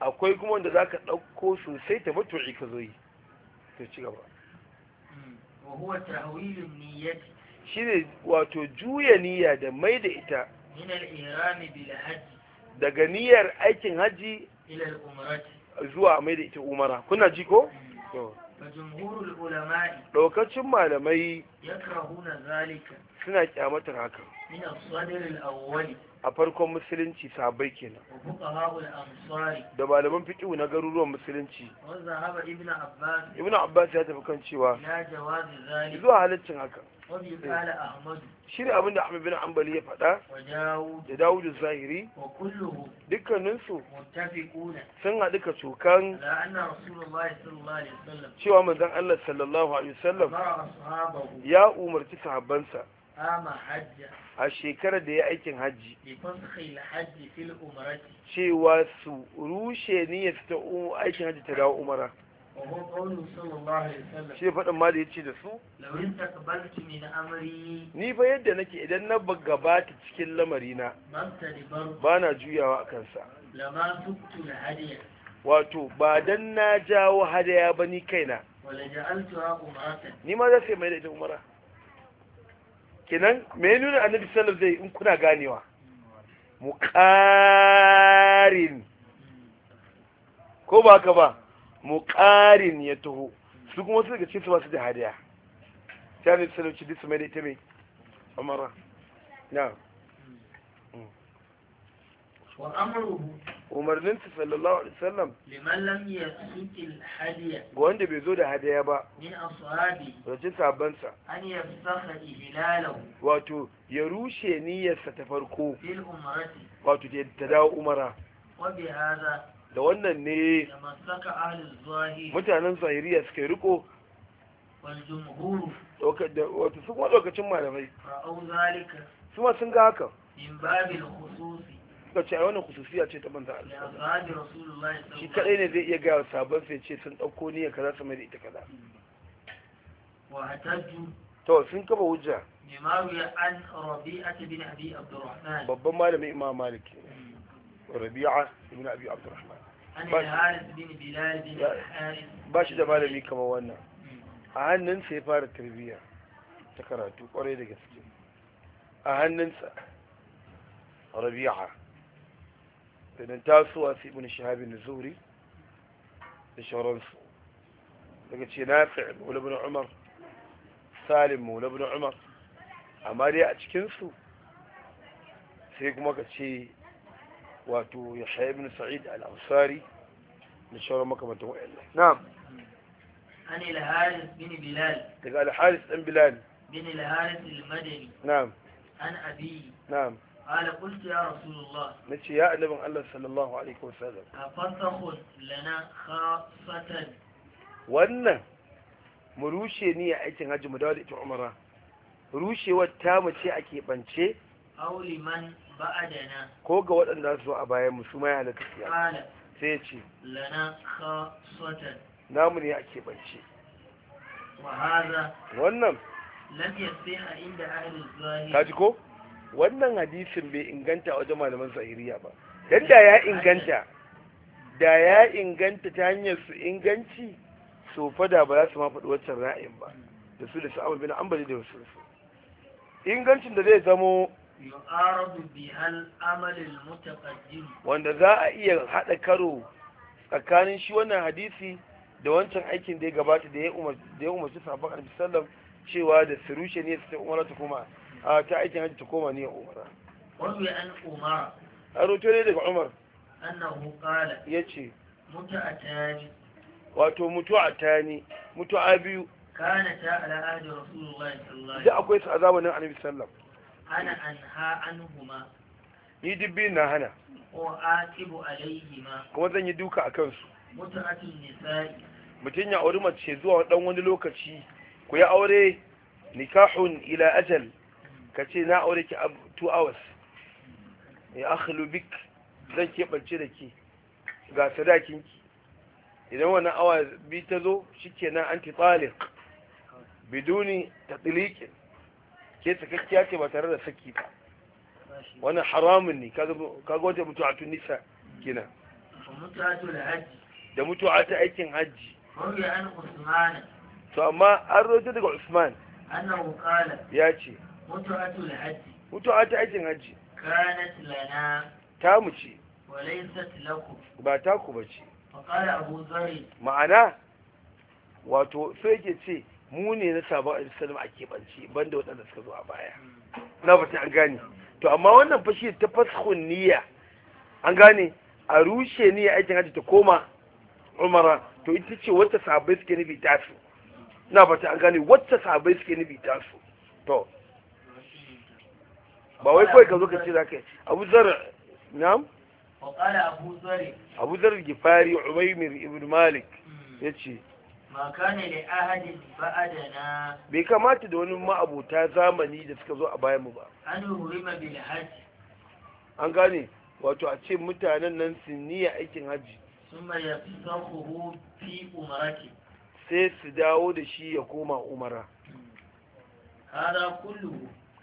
akwai kuma wanda za ka ɗauko sosai ta matu'i ka zo yi to ci gaba hmm. shi ne wato juya niyya da mai da ita daga niyyar aikin hajji zuwa mai da ita umara kuna ji ko? Hmm. ɗaukacin malamai suna kyamatar haka a farkon musulunci sabai kenan da malaman fiqhu na garuruwan musulunci ibnu abbas ya tafi kan cewa zuwa halaccin haka shi ne abinda ahmad bin ambali ya faɗa da dawudu zahiri dukkaninsu sun haɗu ka cokan cewa manzon allah sallallahu alaihi wasallam ya umarci sahabbansa a shekarar da ya aikin hajji cewa su rushe niyyar ta aikin hajji ta dawo umara shi faɗin ma da ya ce da su ni fa yadda nake idan na gabata cikin lamarina ba na juyawa a kansa wato ba dan na jawo hadaya ba ni kaina ni ma za su yi mai da ita umara kenan me nuna annabi sallallahu alaihi wasallam in kuna ganewa muqarin ko ba ka ba muqarin ya taho su kuma su daga ce su ba su da hadiya sai annabi sallallahu alaihi wasallam mai da ita mai amara na'am hmm. wa amruhu umarnin su sallallahu alaihi wasallam liman lam yasutil hadiya ga wanda bai zo da hadaya ba min ashabi rajin sabban sa an yafsaha ihlalahu wato ya rushe niyyarsa ta farko fil umrati wato ta dawo umara wa bi hada da wannan ne mutanen zahiriya suka riko wato sun lokacin malamai au su ma sun ga haka min babil khususi suka ce a wani khususiya ce ta manzo Allah shi kadai ne zai iya gaya wa sabon sai ce sun dauko niyya kaza sama da ita kaza to sun kafa hujja babban malami imam maliki. rabi'a bin abi abdurrahman ba shi da malami kama wannan a hannun sai fara tarbiyya ta karatu kwarai da gaske a hannunsa rabi'a لأن تاسو أسي ابن الشهاب النزوري الشرنسو لقد شي نافع مولى ابن عمر سالم مولى ابن عمر أماري أتشكنسو سيكما قد شي واتو يحيى بن سعيد الأنصاري نشر ما تقول الله نعم عن الحارث بن بلال تقال الحارث بن بلال بن الهارس المدني نعم عن أبي نعم قال قلت يا Na ce ya يا Allah Sallallahu alaihi wa عليه A أفتخذ لنا خاصة wannan mu rushe ni a aikin hajji mu dawo da ita umara rushewar ta mu ce a keɓance auliman ba'adana ko ga waɗanda su a bayan mu su ma ya halatta siya sai ya ce lana khasatan namu ne a keɓance wa haza wannan sai a inda ahli zahiri kaji ko wannan hadisin bai inganta wajen malaman zahiriya ba dan da ya inganta da ya inganta ta hanyar su inganci so fada ba za su ma faɗi wancan ra'ayin ba da su da sa'amul bin ambali da wasu ingancin da zai zamo wanda za a iya haɗa karo tsakanin shi wannan hadisi da wancan aikin da ya gabata da ya umarci alaihi alfisallam cewa da su rushe ne su ta umarata kuma a ta aikin hajji ta koma ne umara wani an umara a roto ne daga umar annahu qala yace mutu a tani wato mutu a tani mutu a biyu kana ta ala ahdi rasulullahi sallallahu alaihi wasallam akwai sa zamanin annabi sallallahu ana anha anhuma ni dibbi na hana ko aqibu alaihima kuma zan yi duka akan su mutu'atun nisa'i mutun ya auri mace zuwa dan wani lokaci ku ya aure nikahun ila ajal ka ce na aure ki 2 hours ya akhlu bik zan keɓance da ki ga sadakin ki idan wani awa bi ta zo shikenan anti taliq biduni tatliqin ke sakakkiya ce ba tare da saki ba wannan haramun ne kaga wata tun nisa kina da mutu'a ta aikin hajji to amma an rojo daga usman ya ce mutu'atul hajji mutu'atul aikin hajji kanat lana ta mu ce walaysat lakum ba ta ku bace faqala abu zari ma'ana wato sai ke ce mu ne na sabon alisalim a keɓance banda waɗanda suka zo a baya na fata an gane to amma wannan fashi ta fashun niyya an gane a rushe niyya aikin hajji ta koma umara to ita ce wata sabai suke nufi tasu na fata an gane wata sabai suke nufi tasu to ba wai kawai ka zo ka ce za ka yi abu zar na'am abu zar gifari umaymir ibn malik hmm. ya ce bai kamata da wani ma'abuta zamani da suka zo a bayan mu ba an gane wato a ce mutanen nan sun niyya aikin hajji sai su dawo da shi ya koma umara hmm. hada kullu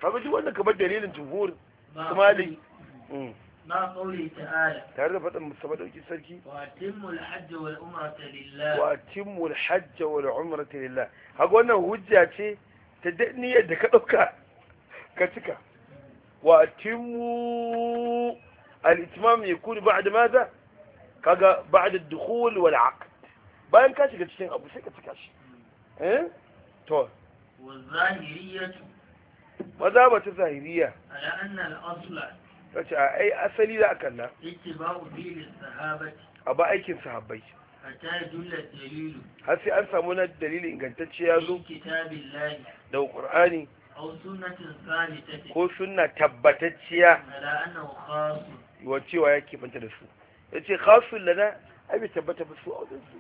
kaga duk wannan kamar dalilin jumhur su malik ma qawli mm. ta'ala tare da faɗin musa madauki sarki wa timmul hajj wal umrata lillah wa timmul hajj wal umrata lillah kaga wannan hujja ce ta niyyar da ka ɗauka ka cika wa timmu al-itmam yakunu ba'da madha kaga ba'da ad-dukhul wal 'aqd bayan ka shiga cikin abu sai ka cika shi eh to wa zahiriyatu maza ba ta zahiriya ta ce a ai asali za a kalla a ba aikin sahabbai har sai an samu na dalilin ingantacce ya zo da ƙur'ani ko suna tabbatacciya cewa ya kebanta da su ya ce khasun lana abi tabbata ba su a wadansu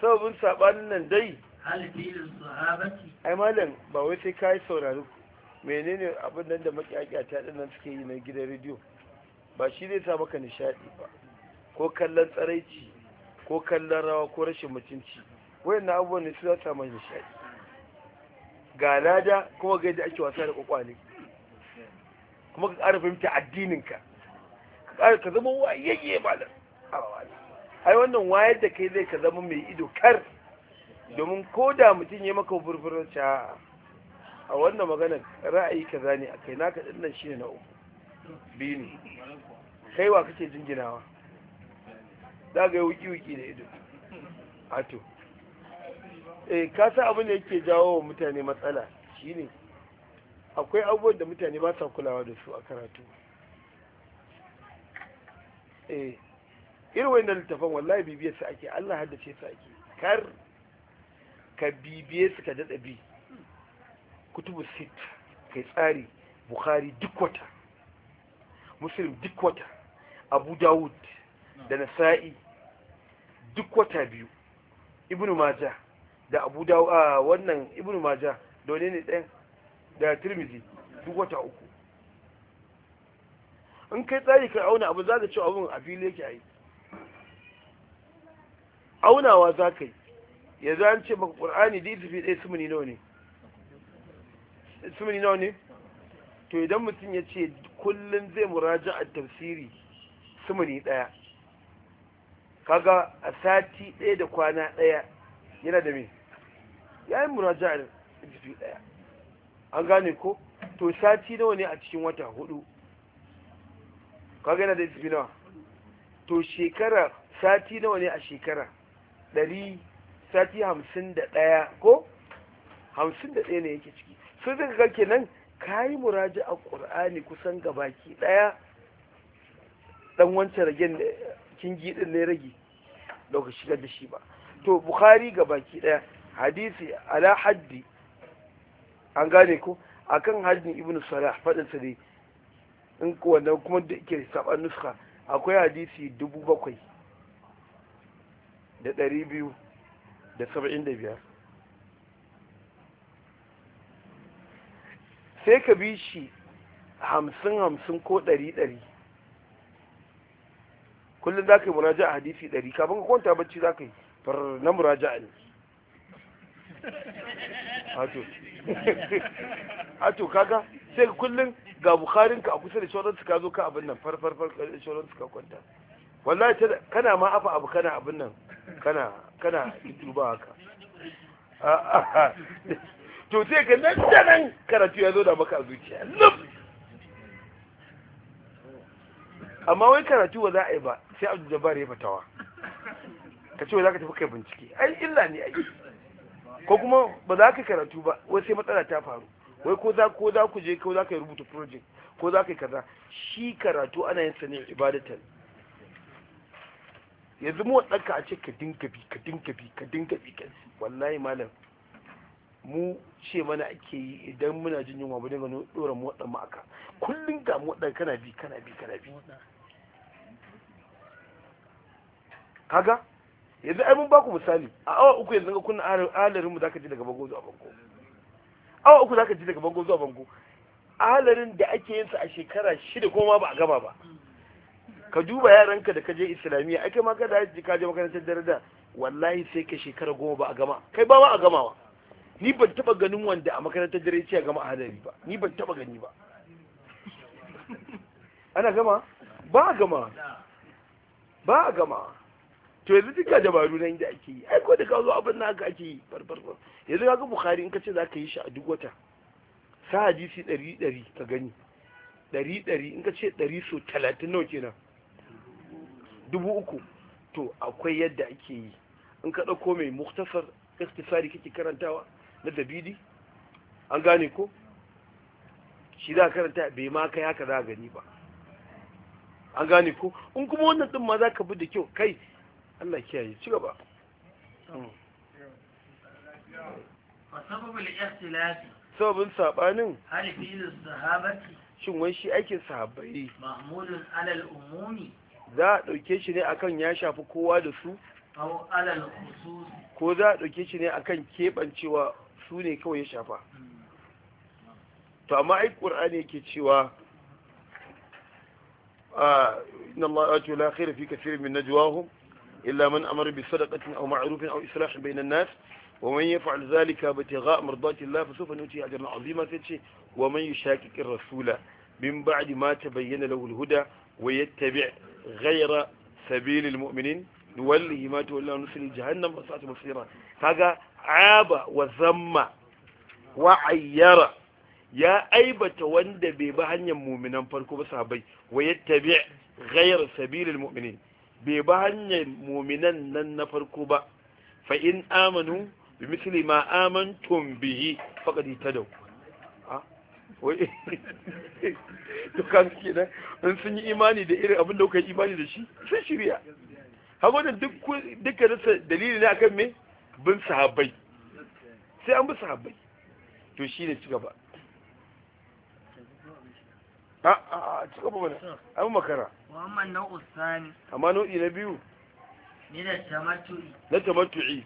sabon saɓanin nan dai ai malam ba wai sai ka yi saurari menene abin nan da ta ɗin nan suke yi na gidan rediyo ba shi zai sa maka nishaɗi ba ko kallon tsaraici ko kallon rawa ko rashin mutunci wayan na abubuwan ne su za ta mai nishaɗi ga lada kuma ga yadda ake wasa da kwakwale kuma ka ƙara fahimta addininka ka ƙara ka zama wayayye malam ai wannan wayar da kai zai ka zama mai ido kar domin ko da mutum ya maka burburar ca a wannan magana ra'ayi kaza ne a kai naka dinnan ne na uku biyu ne kai wa kake jinginawa za ga yi wiki-wiki da ido ato eh sa abin da yake jawo wa mutane matsala shi ne. akwai abubuwan da mutane ba sa kulawa da su a karatu eh irin na da littafan wallahi bibiyar sa ake allah haddace sa ake kar ka bibiye su ka daɗa bi kutubu sit kai tsari bukhari duk wata muslim duk wata abu dawud da nasa'i duk wata biyu ibnu maja da abu dawud a wannan ibnu maja da wani ne ɗayan da tirmizi duk wata uku in kai tsari kai auna abu za ka ci abun a fili yake a yi aunawa za ka yi yanzu an ce maka ƙur'ani da izifi ɗaya sumuni nawa ne sumuni nawa ne to idan mutum ya ce kullum zai muraja a tafsiri sumuni ɗaya kaga a sati ɗaya da kwana ɗaya yana da me ya yi muraja a izifi ɗaya an gane ko to sati nawa ne a cikin wata hudu kaga yana da izifi nawa to shekara sati nawa ne a shekara ɗari sati hamsin da ɗaya ko hamsin da ɗaya ne yake ciki su daga ga kenan ka yi muraji a ƙur'ani kusan gabaki ɗaya ɗan wancan ragen da kingi giɗin ne rage daga shigar da shi ba to bukari gabaki ɗaya hadisi ala haddi an gane ko akan hadin ibnu salah faɗin ne ne in wannan kuma da ke saɓa nuska akwai hadisi dubu bakwai da ɗari biyu da saba'in da biyar sai ka bi shi hamsin hamsin ko ɗari ɗari kullum za ka yi muraja a hadisi ɗari kafin ka kwanta bacci za ka yi na muraja ne ato kaga sai kullum ga bukarinka a kusa da shawarar suka zo ka abin nan farfarfar shawarar suka kwanta wallahi kana ma afa abu kana abin nan kana kana tutuba haka to sai ka nan da nan karatu ya zo da maka a zuciya lub amma wai karatu ba za a yi ba sai da bari ya fatawa ka ce ba za ka tafi kai bincike ai illa ne ai ko kuma ba za ka karatu ba wai sai matsala ta faru wai ko za ko za ku je ko za ka rubuta project ko za ka yi kaza shi karatu ana yin sa ne ibadatan yanzu mu ɗanka a ce ka dinga bi ka dinga bi ka dinga bi ka wallahi malam mu ce mana ake yi idan muna jin yunwa mu dinga dora mu waɗan aka kullum ga mu waɗan kana bi kana bi kana bi kaga yanzu ai mun baku misali a awa uku yanzu ga kunna alarin mu zaka ji daga bango zuwa bango awa uku zaka ji daga bango zuwa bango alarin da ake yin sa a shekara shida ko ma ba a gama ba ka duba yaranka da ka je islamiyya ake ma ka da ka je makarantar darada wallahi sai ka shekara goma ba a gama kai ba ba a gamawa ni ban taba ganin wanda a makarantar dare ce gama a hadari ba ni ban taba gani ba ana gama ba a gama ba a gama to yanzu duka dabaru nan da ake yi ai ko da ka zo abin na ka ake yi farfar yanzu ka ga bukhari in ka ce zaka yi shi a duk wata sa hadisi ɗari ɗari ka gani ɗari ɗari in ka ce ɗari so talatin nawa kenan dubu uku to akwai yadda ake yi in ka ɗauko mai muktasar iktisari kake karantawa na dabidi an gane ko shi za karanta bai ma kai haka za gani ba an gane ko in kuma wannan ɗin ma za ka bi da kyau kai Allah kiyaye ci gaba sababin sabanin halifilu sahabati shin wai shi aikin sahabai mahmudun alal umumi za a ɗauke shi ne kan ya shafi kowa da su ko za a ɗauke shi ne akan keɓancewa su ne kawai ya shafa hmm. to amma ai ƙur'ani yake cewa a ah, inna Allah ya tula khair fi kathir min najwahum illa man amara bi sadaqatin aw ma'rufin a islahin bayin an-nas wa man yaf'al zalika btigha mardati Allah fasawfa nuti ajran 'azima tace wa man yushaqiq ar-rasula min ba'adi ma ta bayyana al-huda ويتبع غير سبيل المؤمنين نوله ما تولى ونسل جهنم وساعة مصيرا هذا عاب وذم وعير يا أيبة وند بيبهن المؤمنين فانكو بصحابي ويتبع غير سبيل المؤمنين بيبهن المؤمنين نن فانكو فإن آمنوا بمثل ما آمنتم به فقد اهتدوا dukkan kenan in sun yi imani da irin abin da kuka yi imani da shi sun shirya haka wannan dukkan dalili ne akan me bin sahabbai sai an bi sahabbai to shi ne cigaba a a cigaba mana an makara muhammad na usani amma nau'i na biyu ni da tamatu'i. na tamatu'i.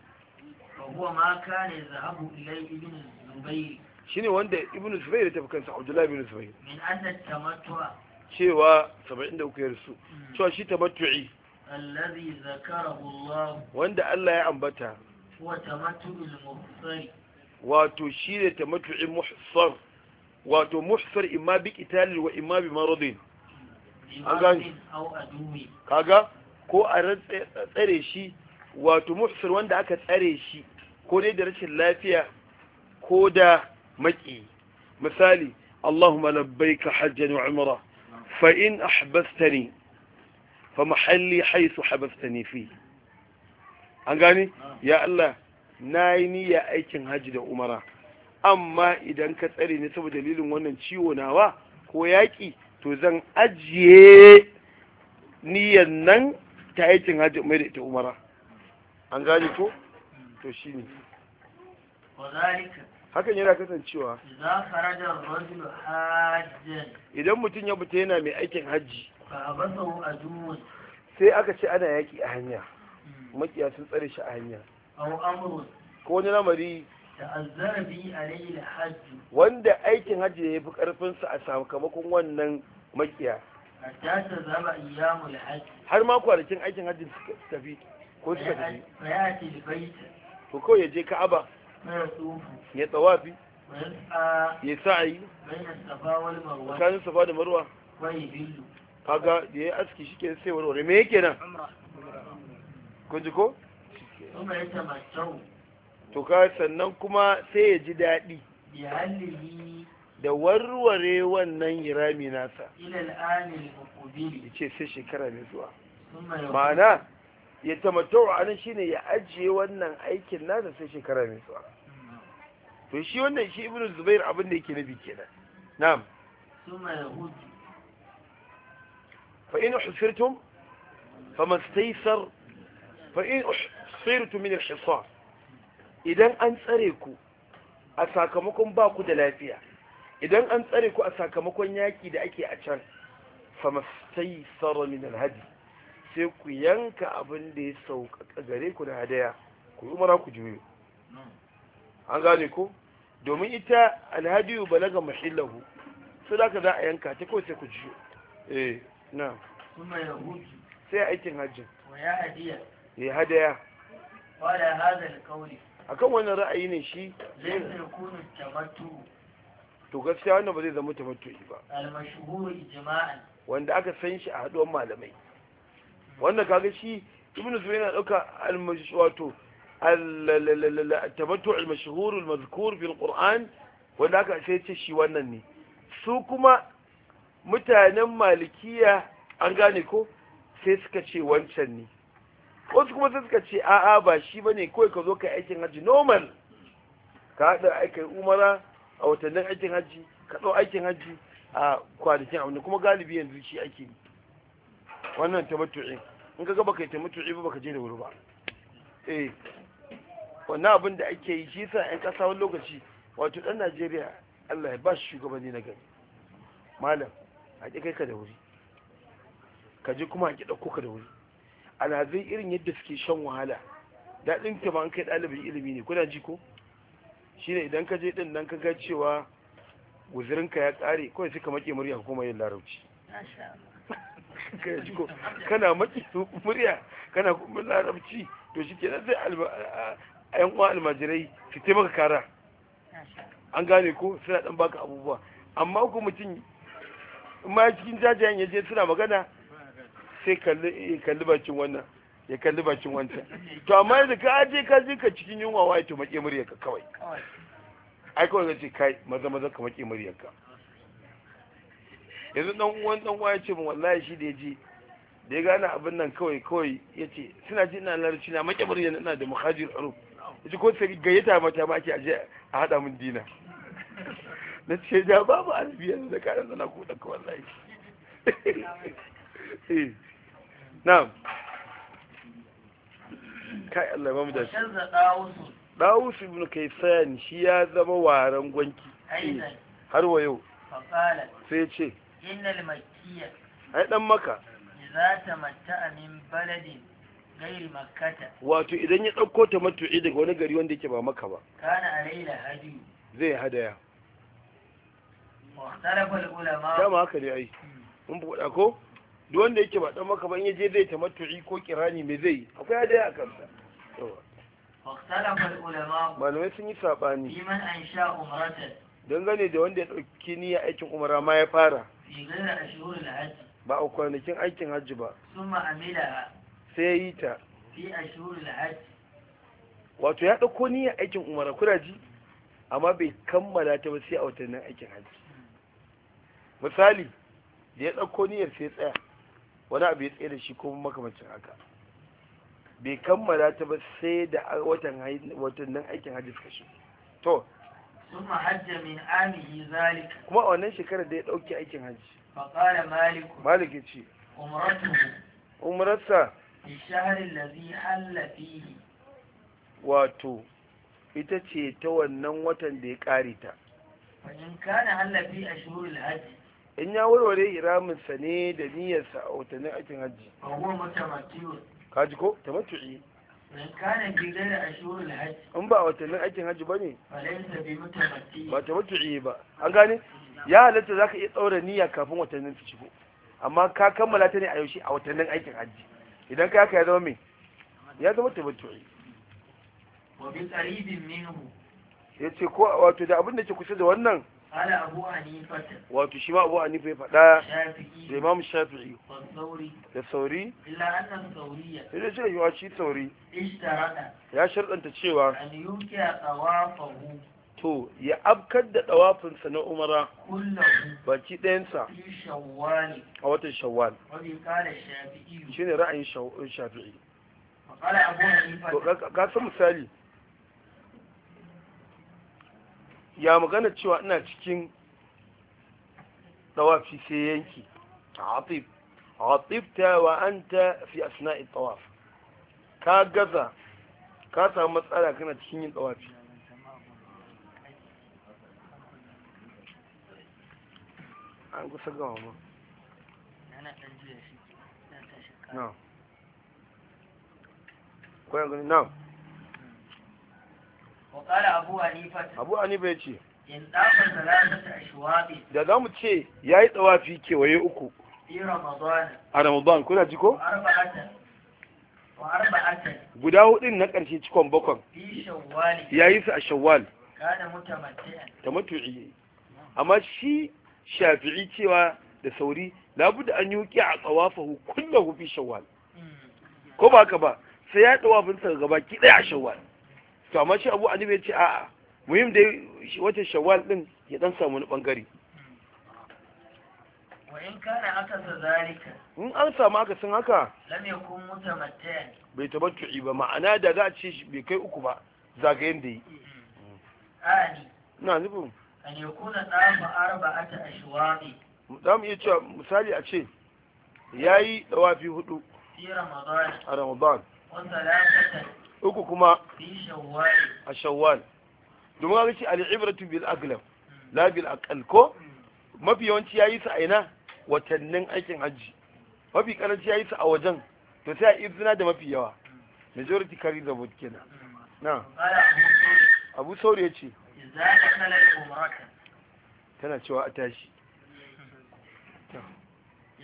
wa ma kana zahabu ilai ibn zubairi shine wanda ibn zubair ya tafi kansa abdullah ibn zubair cewa 73 ya rusu mm. cewa shi tamattu'i alladhi zakarahu Allah wanda Allah ya ambata wa tamattu'ul muhsar wato shi ne tamattu'in muhsar wato muhsar imma bi qital wa imma bi maradin an kaga ko a tsare shi wato muhsar wanda aka tsare shi ko dai da rashin lafiya ko da maki misali Allahumma labbaika hajjan wa umra fa in ahbastani fa mahalli haythu habastani fi an gani ya Allah nayi niyya aikin hajji da umara amma idan ka tsare ni saboda dalilin wannan ciwo nawa ko yaki to zan ajiye niyyan nan ta aikin hajji mai da ita umara an gani ko to shine hakan yana kasancewa idan mutum ya fita yana mai aikin hajji sai aka ce ana yaƙi a hanya hmm. makiya sun tsare shi a hanya ko wani lamari wanda aikin hajji ya fi ƙarfinsa a sakamakon wannan makiya har ma kwanakin aikin hajji suka tafi ko suka tafi to kawai ya je ka'aba ya tsawafi ya sa'ayi tsakanin safa da marwa kaga da ya aski shi ke sai warware me yake nan kun ji ko to ka sannan kuma sai ya ji daɗi da warware wannan irami nasa ce sai shekara mai zuwa ma'ana ya tamatar a nan shine ya ajiye wannan aikin nasa sai shekara mai zuwa to shi wannan shi ibnu zubair abin da yake nabi kenan na'am summa yahud fa in husirtum mastaysar fa in husirtum min al-hisar idan an tsare ku a sakamakon ba ku da lafiya idan an tsare ku a sakamakon yaki da ake a can fa mastaysar min al-hadi sai ku yanka abin da ya sauƙaƙa gare ku na hadaya ku yi umara ku juyo an gane ko domin ita alhadiyu balaga mahillahu su da ka za a yanka ta kawai sai ku juyo eh na sai aikin hajji ya hadaya akan wannan ra'ayi ne shi zai kunu tamattu to gaskiya wannan ba zai zama tamattu ba al-mashhur ijma'an wanda aka san shi a haduwar malamai wannan kaga shi ibn zubair yana dauka al wato al-tamattu al-mashhur al-mazkur fi quran wanda aka sai ce shi wannan ne su kuma mutanen malikiya an gane ko sai suka ce wancan ne wasu kuma sai suka ce a'a ba shi bane kawai ka zo ka aikin haji normal ka haɗa aikin umara a watannin aikin haji ka ɗau aikin haji a kwanakin abu kuma galibi yanzu shi ake yi wannan tamattu'i in ka gaba kai tamattu'i ba baka je da wuri ba eh wannan abin da ake yi shi sa yan kasa lokaci wato dan Najeriya Allah ya ba shi shugabanni na gari malam a ki kai ka da wuri ka je kuma a ki dauko ka da wuri alhazai irin yadda suke shan wahala daɗin ta ba an kai ɗalibin ilimi ne kuna ji ko shine idan ka je din nan ka ga cewa guzurinka ya kare kawai sai ka maƙe murya hukumar yin larabci ka ya ko kana maki murya kana kuma larabci to shi kenan sai ayan uwa almajirai su taimaka kara an gane ko suna dan baka abubuwa amma ko mutum ma cikin jajayen ya je suna magana sai kalli bakin wannan ya kalli bakin wancan to amma yanzu ka aje ka je ka cikin yunwa waye to murya ka kawai ai kawai zai ce kai maza maza ka maƙe ka yanzu dan uwan dan uwa yace min wallahi shi da yaji da ya gane abin nan kawai kawai yace suna ji ina larci na makabar yana ina da muhajir ya yace ko sai gayyata mata ma ake aje a hada min dina na ce ja babu da yanzu da karan ko ku daka wallahi na'am kai Allah ba mu da shi dawusu ibn Kaysan shi ya zama waran gwanki har wa yau sai ce innal makkiya ai dan maka ta matta min baladin gairi makkata wato idan ya dauko tamattu'i daga wani gari wanda yake ba maka ba kana alaila hadi zai hadaya muhtarafal ulama dama haka ne ai hmm. mun buɗa ko duk wanda yake ba dan maka ba in yaje zai ta tamattu'i ko kirani me zai akwai hadaya a kansa malamai sun yi saɓani Iman dangane da wanda ya ɗauki niyya aikin umara ma ya fara ba a kwanakin aikin hajji ba sai ya yi ta wato ya ɗauko niyyar aikin umara kuraji amma bai kammala ta ba sai a watannin aikin hajji misali da ya ɗauko niyyar sai tsaya wani abu ya tsaye da shi kuma makamacin haka bai kammala ta ba sai da watannin aikin hajji suka shi to ثم حج من عامه ذلك كما wannan shekarar da ya dauki aikin haji faqala malik malik yace umratu umrata fi shahr allazi halla fihi wato ita ce ta wannan watan da ya kare ta in kana halla a ashhurul haji in ya warware iramin ne da niyyar a watannin aikin haji huwa mutamatti'un kaji ko tamattu'i in ba a watannin aikin hajji ba ne ba ta matu'i ba an gane ya halatta za ka iya tsaura niyya kafin watannin su shigo amma ka kammala ta ne a yaushe a watannin aikin hajji idan ka ya zama mai ya zama ta matu'i ya ce ko wato da abin da ke kusa da wannan wato shi ma abu hanifa ya faɗa da imam shafi'i da sauri sai da cewa shi sauri ya shirɗanta cewa to ya abkar da ɗawafinsa na umara baki ɗayansa a watan shawwal shi ne ra'ayin shafi'i to ka san misali ya magana cewa ina cikin tawafi sai yanki atif atifta wa anta fi asna'i tawaf ka gaza ka samu matsala kana cikin yin tawafi an kusa gama ma no kwayan gani abu hanifa ya ce da za mu ce ya yi tsawafi kewaye uku a ramadan kuna ji ko? guda hudun na ƙarshe cikon bakon ya yi su a shawwal ta matu'i amma shi shafi'i cewa da sauri labuda an yi a tsawafahu kullum fi shawwal ko ba ka ba sai ya sa gaba ki ɗaya a shawwal to amma shi abu a nufin ce a'a muhim dai wata shawwal din ya dan samu wani bangare in kana aka sa zalika in an samu aka sun haka lam yakun mutamattiyan bai tabattu'i ba ma'ana da za a ce bai kai uku ba zagayen da yi ani na nufin an yakuna dafa arba'ata ashwaqi za mu iya cewa misali a ce yayi dawafi hudu fi ramadan a ramadan uku kuma a shawwal domin haka ce al'ibratu bil aglam la bil aqal ko hmm. mafi yawanci yayi su a ina watannin aikin hajji mafi karanci yayi su a wajen to sai a izina da mafi yawa hmm. majority carry the vote kenan hmm. na abu sauri ya ce tana cewa a tashi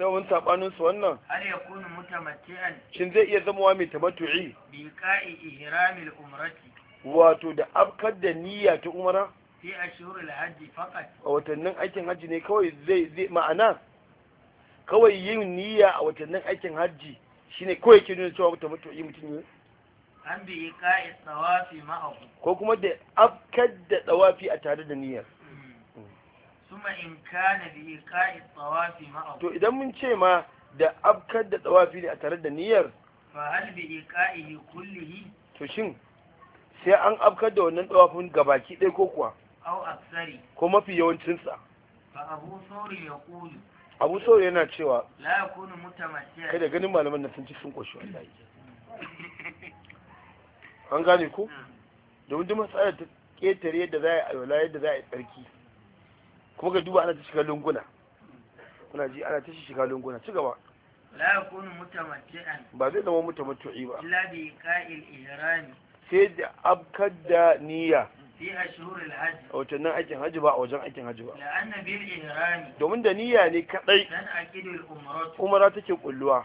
sababin sabanin su wannan ya kunu mutamatti'an shin zai iya zama wa mai tamattu'i bi qa'i ihramil umrati wato da abkar da niyya ta umara fi ashhuril hajji faqat a watannin aikin hajji ne kawai zai zai ma'ana kawai yin niyya a watannin aikin hajji shine kawai ke nuna cewa tamattu'i mutum ne an bi qa'i tsawafi ma'ahu ko kuma da abkar da tsawafi a tare da niyyar suma in kana bihi qa'id tawafi ma'a to idan mun ce ma da abkar da tawafi ne a tare da niyyar fa hal bi iqa'ihi kullihi to shin sai an abkar da wannan tawafin gabaki ɗaya ko kuwa au aksari ko mafi yawancin sa fa abu sauri ya kulu abu sauri yana cewa la yakunu kada ganin malaman nan sun ci sun koshi wallahi an gane ko hmm. domin duk matsalar ta ketare yadda za a yi alwala yadda za a yi tsarki kuma ka duba ana ta shiga lunguna kuna ji ana ta shiga lunguna ci gaba la yakunu mutamatti'an ba zai zama mutamatti'i ba illa bi qa'il ihrami sai da abkar da niyya fi ashhuril hajj a nan aikin hajji ba a wajen aikin hajji ba la'anna bil ihrami domin da niyya ne kadai dan aqidul umrat umrat take kulluwa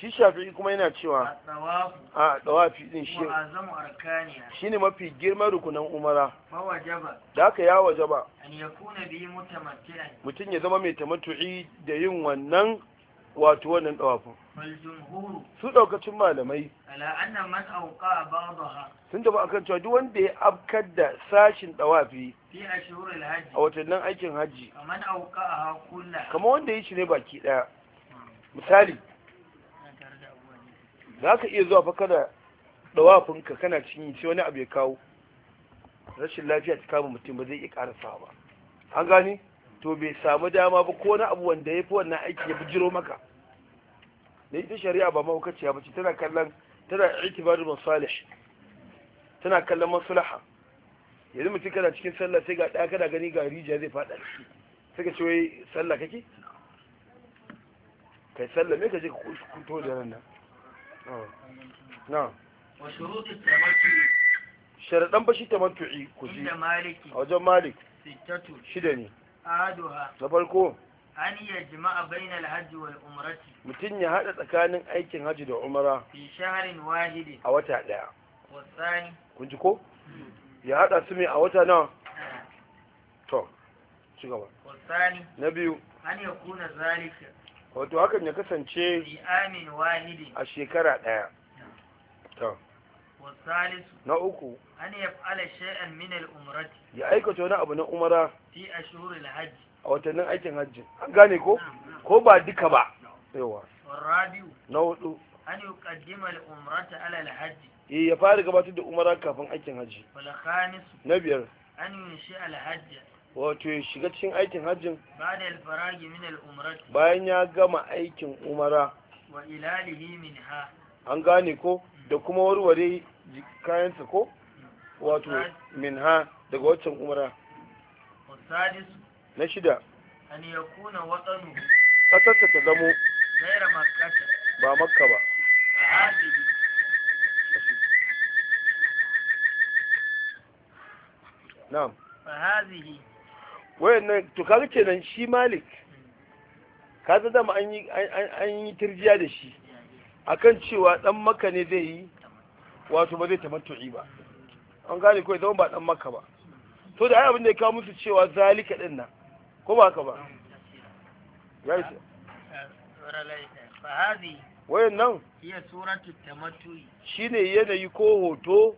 shi shafi'i kuma yana cewa a tsawafi din shi shi ne mafi girman rukunan umara da aka ya jaba mutum ya zama mai tamatu'i da yin wannan wato wannan tsawafin su daukacin malamai sun taba akan cewa duk wanda ya afkar da sashin tsawafi a watannin aikin hajji Kama wanda ya shi ne baki daya misali za ka iya zuwa fa kana ka kana cinye sai wani abu ya kawo rashin lafiya ta kama mutum ba zai iya karasa ba an gane to bai samu dama ba ko wani abu wanda ya fi wannan aiki ya jiro maka da ita shari'a ba mahaukaciya ba ce tana kallon tana da masalih tana kallon maslaha yanzu mutum kana cikin sallah sai ga ɗaya kana gani ga rijiya zai faɗa sai ka ce wai sallah kake kai sallame ka je ka kuto da nan oh. na wa shurutu tamattu sharadan bashi tamattu'i ku ji a wajen malik shida ne na farko an ya jama'a bainal hajji wal umrati mutum ya hada tsakanin aikin hajji da umara fi shahrin wahidi a wata daya wasani kun ji ko ya hada su mai a wata nawa eh. to ci gaba wasani na biyu an ya kuna zalika wato hakan ya kasance a shekara ɗaya na uku an yi yaf'ala shay'an min al-umrati ya aikata wani abu na umara fi ashhur al-hajj a watannin aikin hajji an gane ko ko ba duka ba yawa na hudu an yi al-umrata ala al-hajj eh ya fara gabatar da umara kafin aikin hajji na biyar an yunshi al-hajj wato ya shiga cikin aikin hajjin bayan ya gama aikin umara an gane ko da kuma warware kayansa ko wato minha daga waccan umara na shida an ya kuna watsanu ƙasarsa ta zamo ba makka ba na'am wayannan to kaga kenan shi malik ka dama an yi an yi tirjiya da shi akan cewa dan maka ne zai yi wato ba zai tamattu'i ba an gane kawai zama ba dan maka ba to da ai abin da ya kawo musu cewa zalika din nan ko ba haka ba ya isa wayan nan iya suratu tamattu'i shine yanayi ko hoto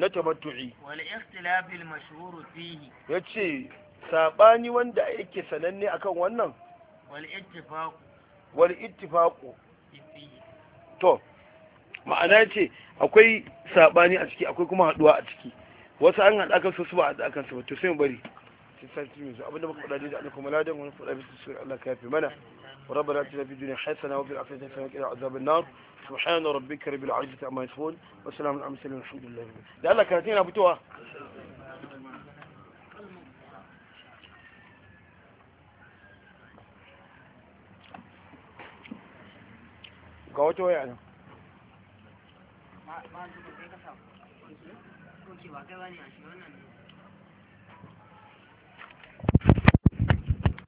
na tamattu'i wal ikhtilafil mashhur fihi yace saɓani wanda yake sananne akan wannan wal ittifaqu to ma'ana ce akwai saɓani a ciki akwai kuma haduwa a ciki wasu an hada kan su ba a hada kan su ba to sai mu bari sai sati mai zuwa abinda muka alaikum wani fada bisu sai Allah ka yafe mana ربنا اتنا في الدنيا وفي وقنا عذاب النار سبحان ربك رب عما يصفون وسلام على المرسلين والحمد لله ga wata waya nan ba kai ka samu kai ba ne a shi wannan